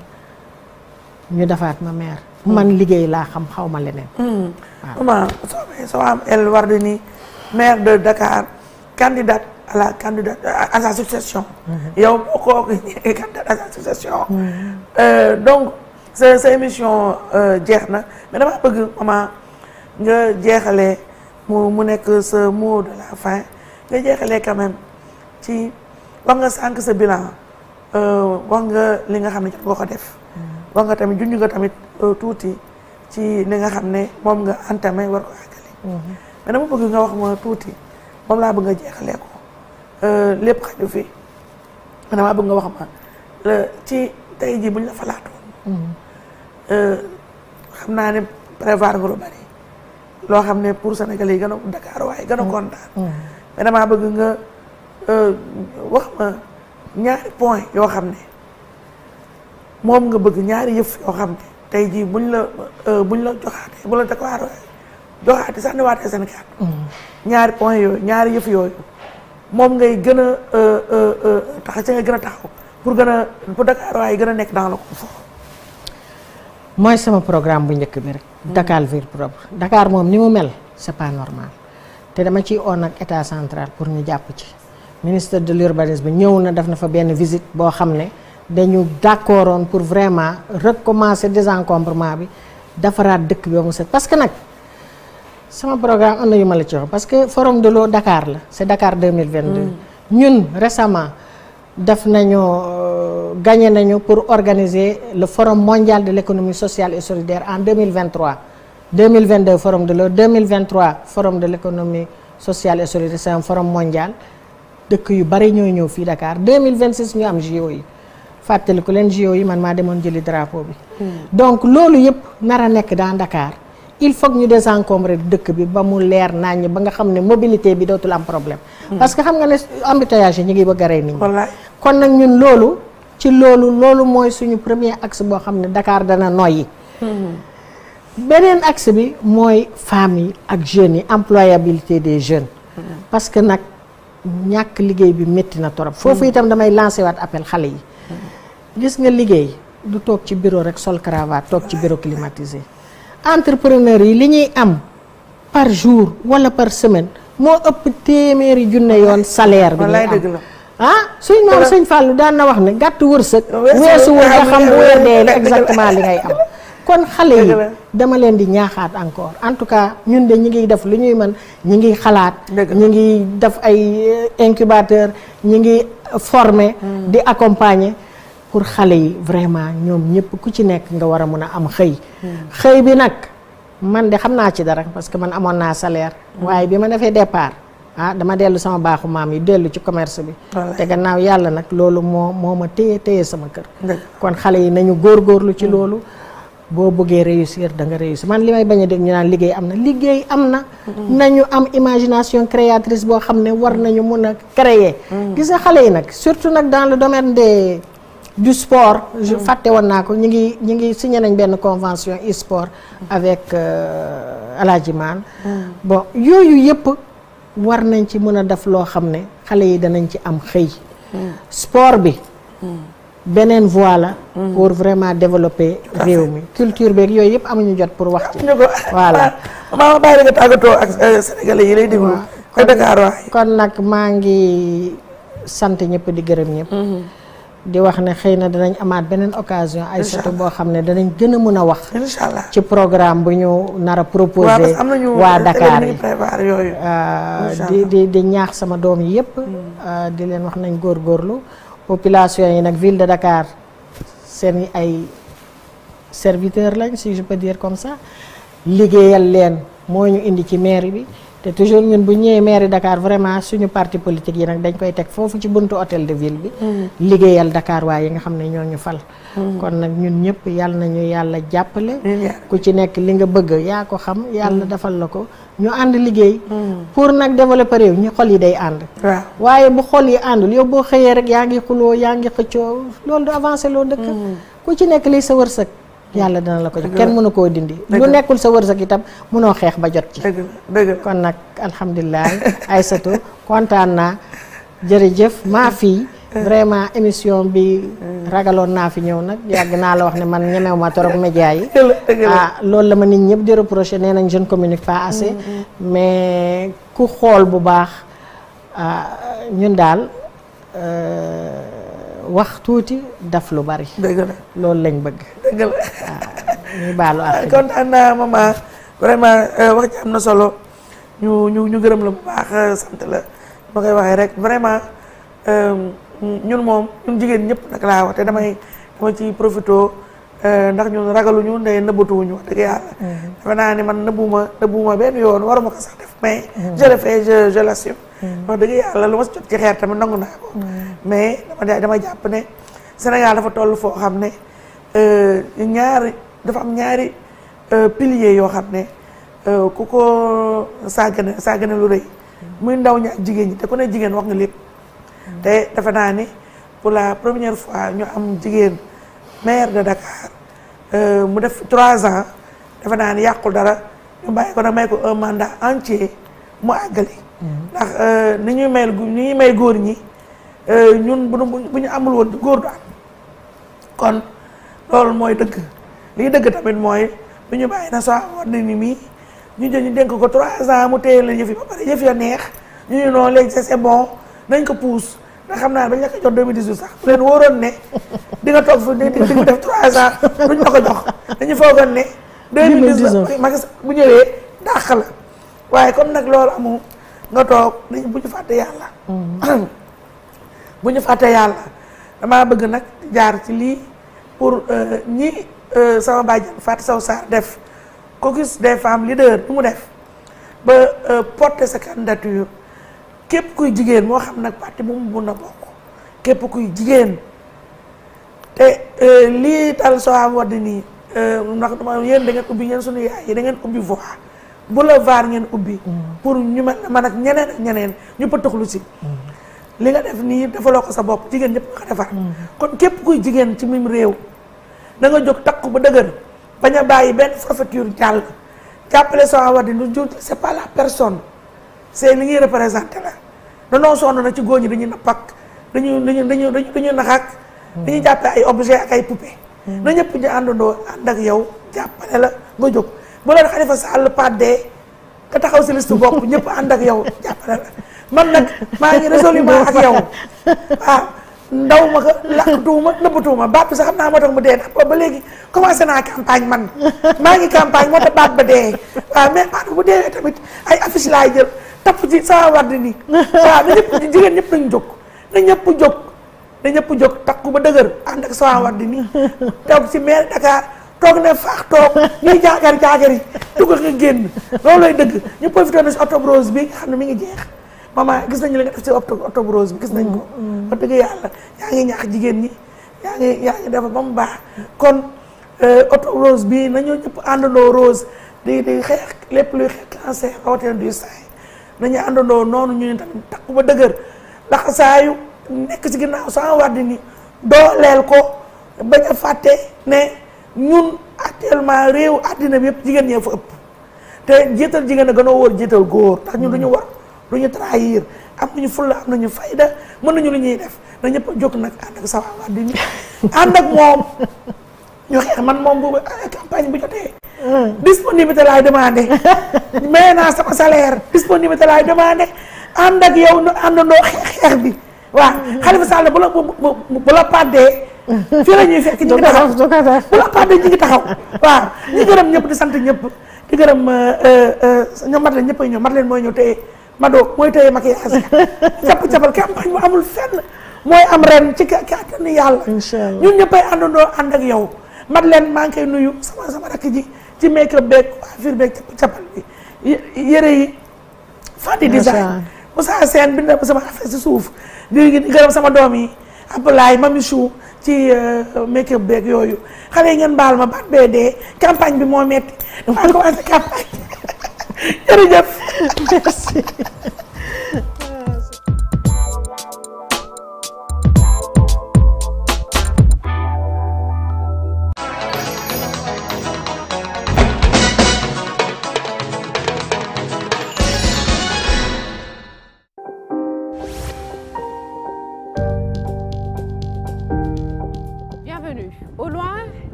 ñu defaat ma maire. man liggéey laa xam xaw ma leneen. Hmm. waaw maire de Dakar candidate à la candidate à sa succession. Hmm. yow boo ko <laughs> candidate à sa succession. Hmm. Euh, donc sa sa émission euh, jeex na mais dama bëgg maman nga jeexalee mu mu nekk sa mot de la fin nga jeexalee quand ci wax nga sànq sa bilan euh, wax nga li nga xam ne jot ko def. wax nga tamit junj nga tamit euh, tuuti ci li nga xam ne moom nga entamé war ko àggali. Mhm. mais dama bëgg nga wax ma tuuti moom laa bëgg nga jeexalee ko euh, lépp xaju fi man damaa bëgg nga wax ci tey jii buñ mhm. euh, xam naa ne bari loo xam ne pour Sénégalais yi gën waaye gën mhm. bëgg nga wax ma ñaari point yoo xam ne. moom nga bëgg ñaari yëf yoo xam ne tey jii buñ la euh, buñ la joxaatee bu la teg waar joxaate sax waatee seen kàddu ñaari point yooyu ñaari yëf yooyu moom ngay gën a euh, euh, tax ci nga gën a taxaw pour gën a pour Dakar waaye gën nekk dans le confort mooy sama programme bu njëkk bi rek mm-hmm. Dakar ville moom ni mu mel c'est pas normal te dama ciy oon ak état central pour ñu jàpp ci ministre de l'urbanisme ñëw na def na fa benn visite boo xam ne dañu d'accordoon pour vraiment recommencer désencombrement bi defaraat dëkk bi ba mu set parce que nag sama programme am na yu ma la ci wax parce que forum de l'eau dakaar la c'est Dakar 2022 mm. ñun récemment def nañu euh, gagné nañu pour organiser le forum mondial de l'économie sociale et solidaire en 2023 2022 forum de l'eau 2023 forum de l'économie sociale et solidaire c'est un forum mondial dëkk yu bari ñoo ñëw fii Dakar 2026 ñu am JO yi fàttaliku leen JO yi man maa demoon jëli drapeau bi. Hmm. donc loolu yëpp nar a nekk dans ndakaar il faut que ñu désencombrer dëkk bi ba mu leer naa ñi ba nga xam ne mobilité bi dootul am problème. Hmm. parce que xam nga ne embouteillage ñu ngi bëgg a rey kon nag ñun loolu ci loolu loolu mooy suñu premier axe boo xam ne Dakar dana noyyi. Hmm. beneen axe bi mooy femmes yi ak jeunes yi employabilité des jeunes. parce que nag ñàkk liggéey bi métti na torop foofu itam damay lancer waat appel xale yi. gis nga liggéey du toog ci bureau rek sol cravate toog ci bureau climatisé entrepreneur yi li ñuy am par jour wala par semaine moo ëpp téeméeri junne yoon salaire bi ñuy am ah suñ maam sëñ Fallou daan na wax ne gàtt wërsëg weesuwul nga xam bu weer dee exactement li ngay am kon xale yi dama leen di ñaaxaat encore en tout cas ñun de ñi ngi def lu ñuy mën ñi ngi xalaat ñi ngi def ay euh, incubateur ñi ngi former hmm. di accompagner pour xale yi vraiment ñoom ñëpp ku ci nekk nga war a mun a am xëy. Hmm. xëy bi nag man de xam naa ci dara parce que man amoon naa salaire. Hmm. waaye bi ma defee départ. ah dama dellu sama baaxu maam yi dellu ci commerce bi. te gannaaw yàlla nag loolu moo moo ma téye téye sama kër. kon xale yi nañu góorgóorlu ci hmm. loolu. boo bëggee réussir da nga réussir man li may bañ a dégg ñu naan liggéey am na liggéey am na. nañu am imagination créatrice boo xam ne war nañu mën a créer. yi nag du sport je mm. fàtte woon naa ko ñu ngi ñu ngi signé nañ benn convention e-sport mm. avec Aladji euh, Man mm. bon yooyu yëpp war nañ ci mën a def loo xam ne xale yi danañ ci am xëy sport bi beneen voie la pour vraiment développer réew mi culture beeg yooyu yëpp amuñu jot pour wax ci voilà <laughs> maa bàyyi nga tàggatoo ak euh, sénégalais yi lay déglu ak kon nag maa ngi sant ñëpp di gërëm ñëpp mm-hmm. di wax ne xëy na danañ amaat beneen occasion ay soto boo xam ne danañ gën a mën a wax ci programme bu ñu nar a proposé waa Dakar yi euh, di di ñaax sama doom yi mm. euh, di leen wax nañ góor góorlu population yi nag ville de Dakar seen ay serviteur lañ si je peux dire comme ça liggéeyal leen moo ñu indi ci mairie bi te toujours ñun bu ñëwee mairie Dakar vraiment suñu parti politique yi nag dañ koy teg foofu ci buntu hôtel de ville bi. Mm. liggéeyal Dakar waaye yi nga xam ne ñoo ñu fal. Mm. kon nag ñun ñëpp yàlla nañu yàlla jàppale. Mm. ku ci nekk li nga bëgg yaa ko xam. yàlla defal la ko ñu ànd liggéey. pour nag développer réew ñu xol yi day ànd. waaye bu xol yi àndul yow boo xëyee rek yaa ngi xuloo yaa ngi xëccoo loolu du avancé loo dëkk. ku ci nekk li sa wërsëg. yàlla dana la ko jox kenn mënu koo dindi lu nekkul sa wërsëg itam mënoo xeex ba jot ci dëgg kon nag alhamdulilah Aysatu kontaan naa jërëjëf maa fii vraiment émission bi ragaloon naa fi ñëw nag yàgg naa la wax ne man ñemew ma torop média yi ah loolu la ma nit ñëpp di reproché nee nañ je ne communique pas assez mm, mm, mm. mais ku xool bu baax ah, ñun daal euh, wax tuuti daf lu bari. dëgg la loolu lañ bëgg. dëgg la waaw ñu baalu ak. vraiment euh, am na solo ñu ñu ñu gërëm la bu baax euh, sant la ma koy waxee rek vraiment euh, ñun moom ñun jigéen ñëpp nag laa wax te damay dama ci profito ndax ñun ragaluñu ndey nëbbatuwuñu wax dëgg yàlla. Mhm. dafa naa ne man nëbbuma nëbbuma benn yoon waruma ko sax def mais. Mhm. je le fais je je l'assume Mm. wax dëgg yàlla lu ma si jot ci xeer tamit nangu naa ko mm. mais dama dama jàpp ne Sénégal dafa toll foo xam ne euh, ñaari dafa am ñaari euh, pilier yoo xam ne euh, ku ko sàggane sàggane lu rëy mm. muy ndaw ñi ak jigéen ñi te ku ne jigéen wax nga lépp te defe naa ni pour la première fois ñu am jigéen maire de Dakar mu def trois ans defe naa ni yàqul dara ñu bàyyi ko nag may ko un mandat entier mu àggali ndax euh, ni ñuy mayal ni ñuy may góor ñi euh, ñun bu bu ñu amul woon góor du am kon loolu mooy dëgg lii dëgg tamit mooy du ñu bàyyi na soo war na ni mii ñu jël ñu dénk ko trois ans mu téye la yëf yi ba pare yëf ya neex ñu ñu noonu léegi c'est bon nañ ko pousse ndax xam naa bañ la ko jox 2018 sax bu leen wóoroon ne di nga toog fi di nga def trois ans duñ la ko jox dañu foogoon ne 2018 Macky bu ñëwee dàq la waaye comme nag loolu amul nga toog nit bu ñu fàtte yàlla. Mm-hmm. bu ñu fàtte yàlla damaa bëgg nag jaar ci lii pour euh, ñi euh, sama bàjjan Fatou saw Sarr def caucus des femmes leaders bu mu def ba euh, porter sa candidature képp kuy jigéen moo xam nag parti bu mu mun a bokk képp kuy jigéen te lii tal soo am war di nii ndax dama yéen da ngeen ubbi yéen sunu yaay yi da ngeen ubbi voix. boulevard ngeen ubbi. Mm. pour ñu ma man ak ñeneen ak ñeneen ñu pëtaxlu si. Mm. li nga def nii defaloo ko sa bopp jigéen ñëpp nga defar. Mm. kon képp kuy jigéen ci mim réew. da nga jóg takku ba dëgër bañ a bàyyi benn forfaiture jàll jàppale Soxna Wade du jur c'est pas la personne c'est li ñuy représenté la danoo sonn na ci góor ñi dañuy nappak dañuy dañuy dañuy dañuy naxaak. dañuy jàppale ay objet ak ay poupée. na ñëpp ñu àndandoo ànd ak yow jàppale la nga jóg. bu doon Khalifa Sall pàddee nga taxaw si liste bopp ñëpp ànd ak yow jàppale la man nag maa ngi résolument ak yow waaw ah, ndaw ma ko làqtuuma nëbbatuuma baat ba sax xam naa moo tax mu dee ndax ba léegi commencé naa man maa ngi campagne moo tax baat ba dee waaw mais baat bu dee tamit ay affiche laay jël tapp ci saa war di nii waaw na ñëpp jigéen ñëpp nañ jóg jóg na ñëpp jóg takku ba dëgër ànd ak saa war di nii toog ci maire Dakar toog ne faax toog ñuy jaagar jaagari dugg nga génn loolooy dëgg ñu profité na si octobre rose bi nga xam ne mu ngi jeex maman gis nañu li nga def si octobre rose bi gis nañ ko mm, mm. dëgg yàlla yaa ngi ñaax jigéen ñi yaa ngi yaa ngi defar baax kon euh, octobre rose bi nañu ñëpp àndandoo rose di di xeex lépp luy xeex cancer rawatina du sein nañu àndandoo noonu ñu ne tamit takku ba dëgër laxa saayu nekk si ginnaaw sama wàddi ni dooleel ko bañ a fàtte ne ñun actuellement réew àddina bi yëpp jigéen ñee fa ëpp te jiital jigéen a gën a wóor jiital góor ndax ñun duñu mm. war duñu trahir am nañu fulla am nañu fayda mën nañu lu ñuy def na ñëpp a jóg nag ànd ak Soham Wardini <laughs> ànd moom ñu xeex man moom bu campagne bu jotee disponibilité laay demandé <laughs> may naa sama salaire disponibilité laay demandé ànd ak yow ñu àndandoo xeex xeex bi waaw mm-hmm. Khalifa Sall bu la bu la pàddee fii la ñuy fekk ñu ngi taxaw bu la paa ñu ngi taxaw waaw ñi gërëm ñëpp di sant ñëpp di gërëm euh, euh, ñoom mat leen ñëpp a ñëw mat leen mooy ñëw téye mado mooy téye maquillage <laughs> capp cappal campagne bu amul fenn mooy am ren ci kàttanu yàlla ñun ñëppay àndandoo ànd ak yow mat leen maa ngi koy nuyu sama sama rakk ji ci make up beeg coiffure beeg capp cappal bi yére yi fànni design Moussa Sène bind sama affaire si suuf di gërëm sama doom yi Abdoulaye Mamichou ci euh, make-up beeg yooyu xale yi ngeen baal ma baat bee dee campagne bi moo metti damaa commencé campagne <laughs> jërëjëf <laughs> merci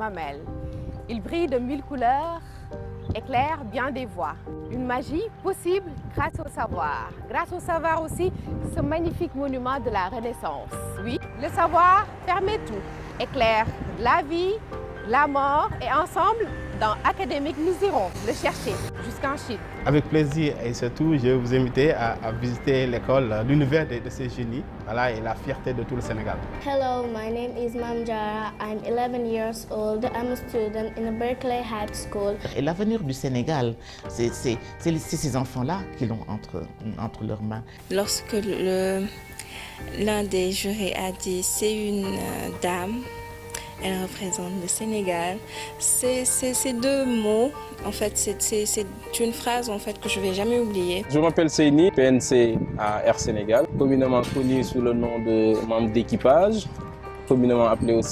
mamelles. Il brille de mille couleurs, éclaire bien des voies. Une magie possible grâce au savoir. Grâce au savoir aussi, ce magnifique monument de la Renaissance. Oui, le savoir permet tout, éclaire la vie, la mort et ensemble, dans Académique, nous irons le chercher jusqu'en Chine. Avec plaisir et surtout, je vous invite à, à visiter l'école, euh, l'univers de, de, ces génies voilà, et la fierté de tout le Sénégal. Hello, my name is Mamjara. I'm 11 years old. I'm a student in Berkeley High School. Et l'avenir du Sénégal, c'est ces enfants-là qui l'ont entre, entre leurs mains. Lorsque l'un des jurés a dit « c'est une euh, dame », elle représente le Sénégal. C'est ces deux mots, en fait, c'est une phrase en fait, que je vais jamais oublier. Je m'appelle Seini, PNC à Air Sénégal, communément connu sous le nom de membre d'équipage, communément appelé aussi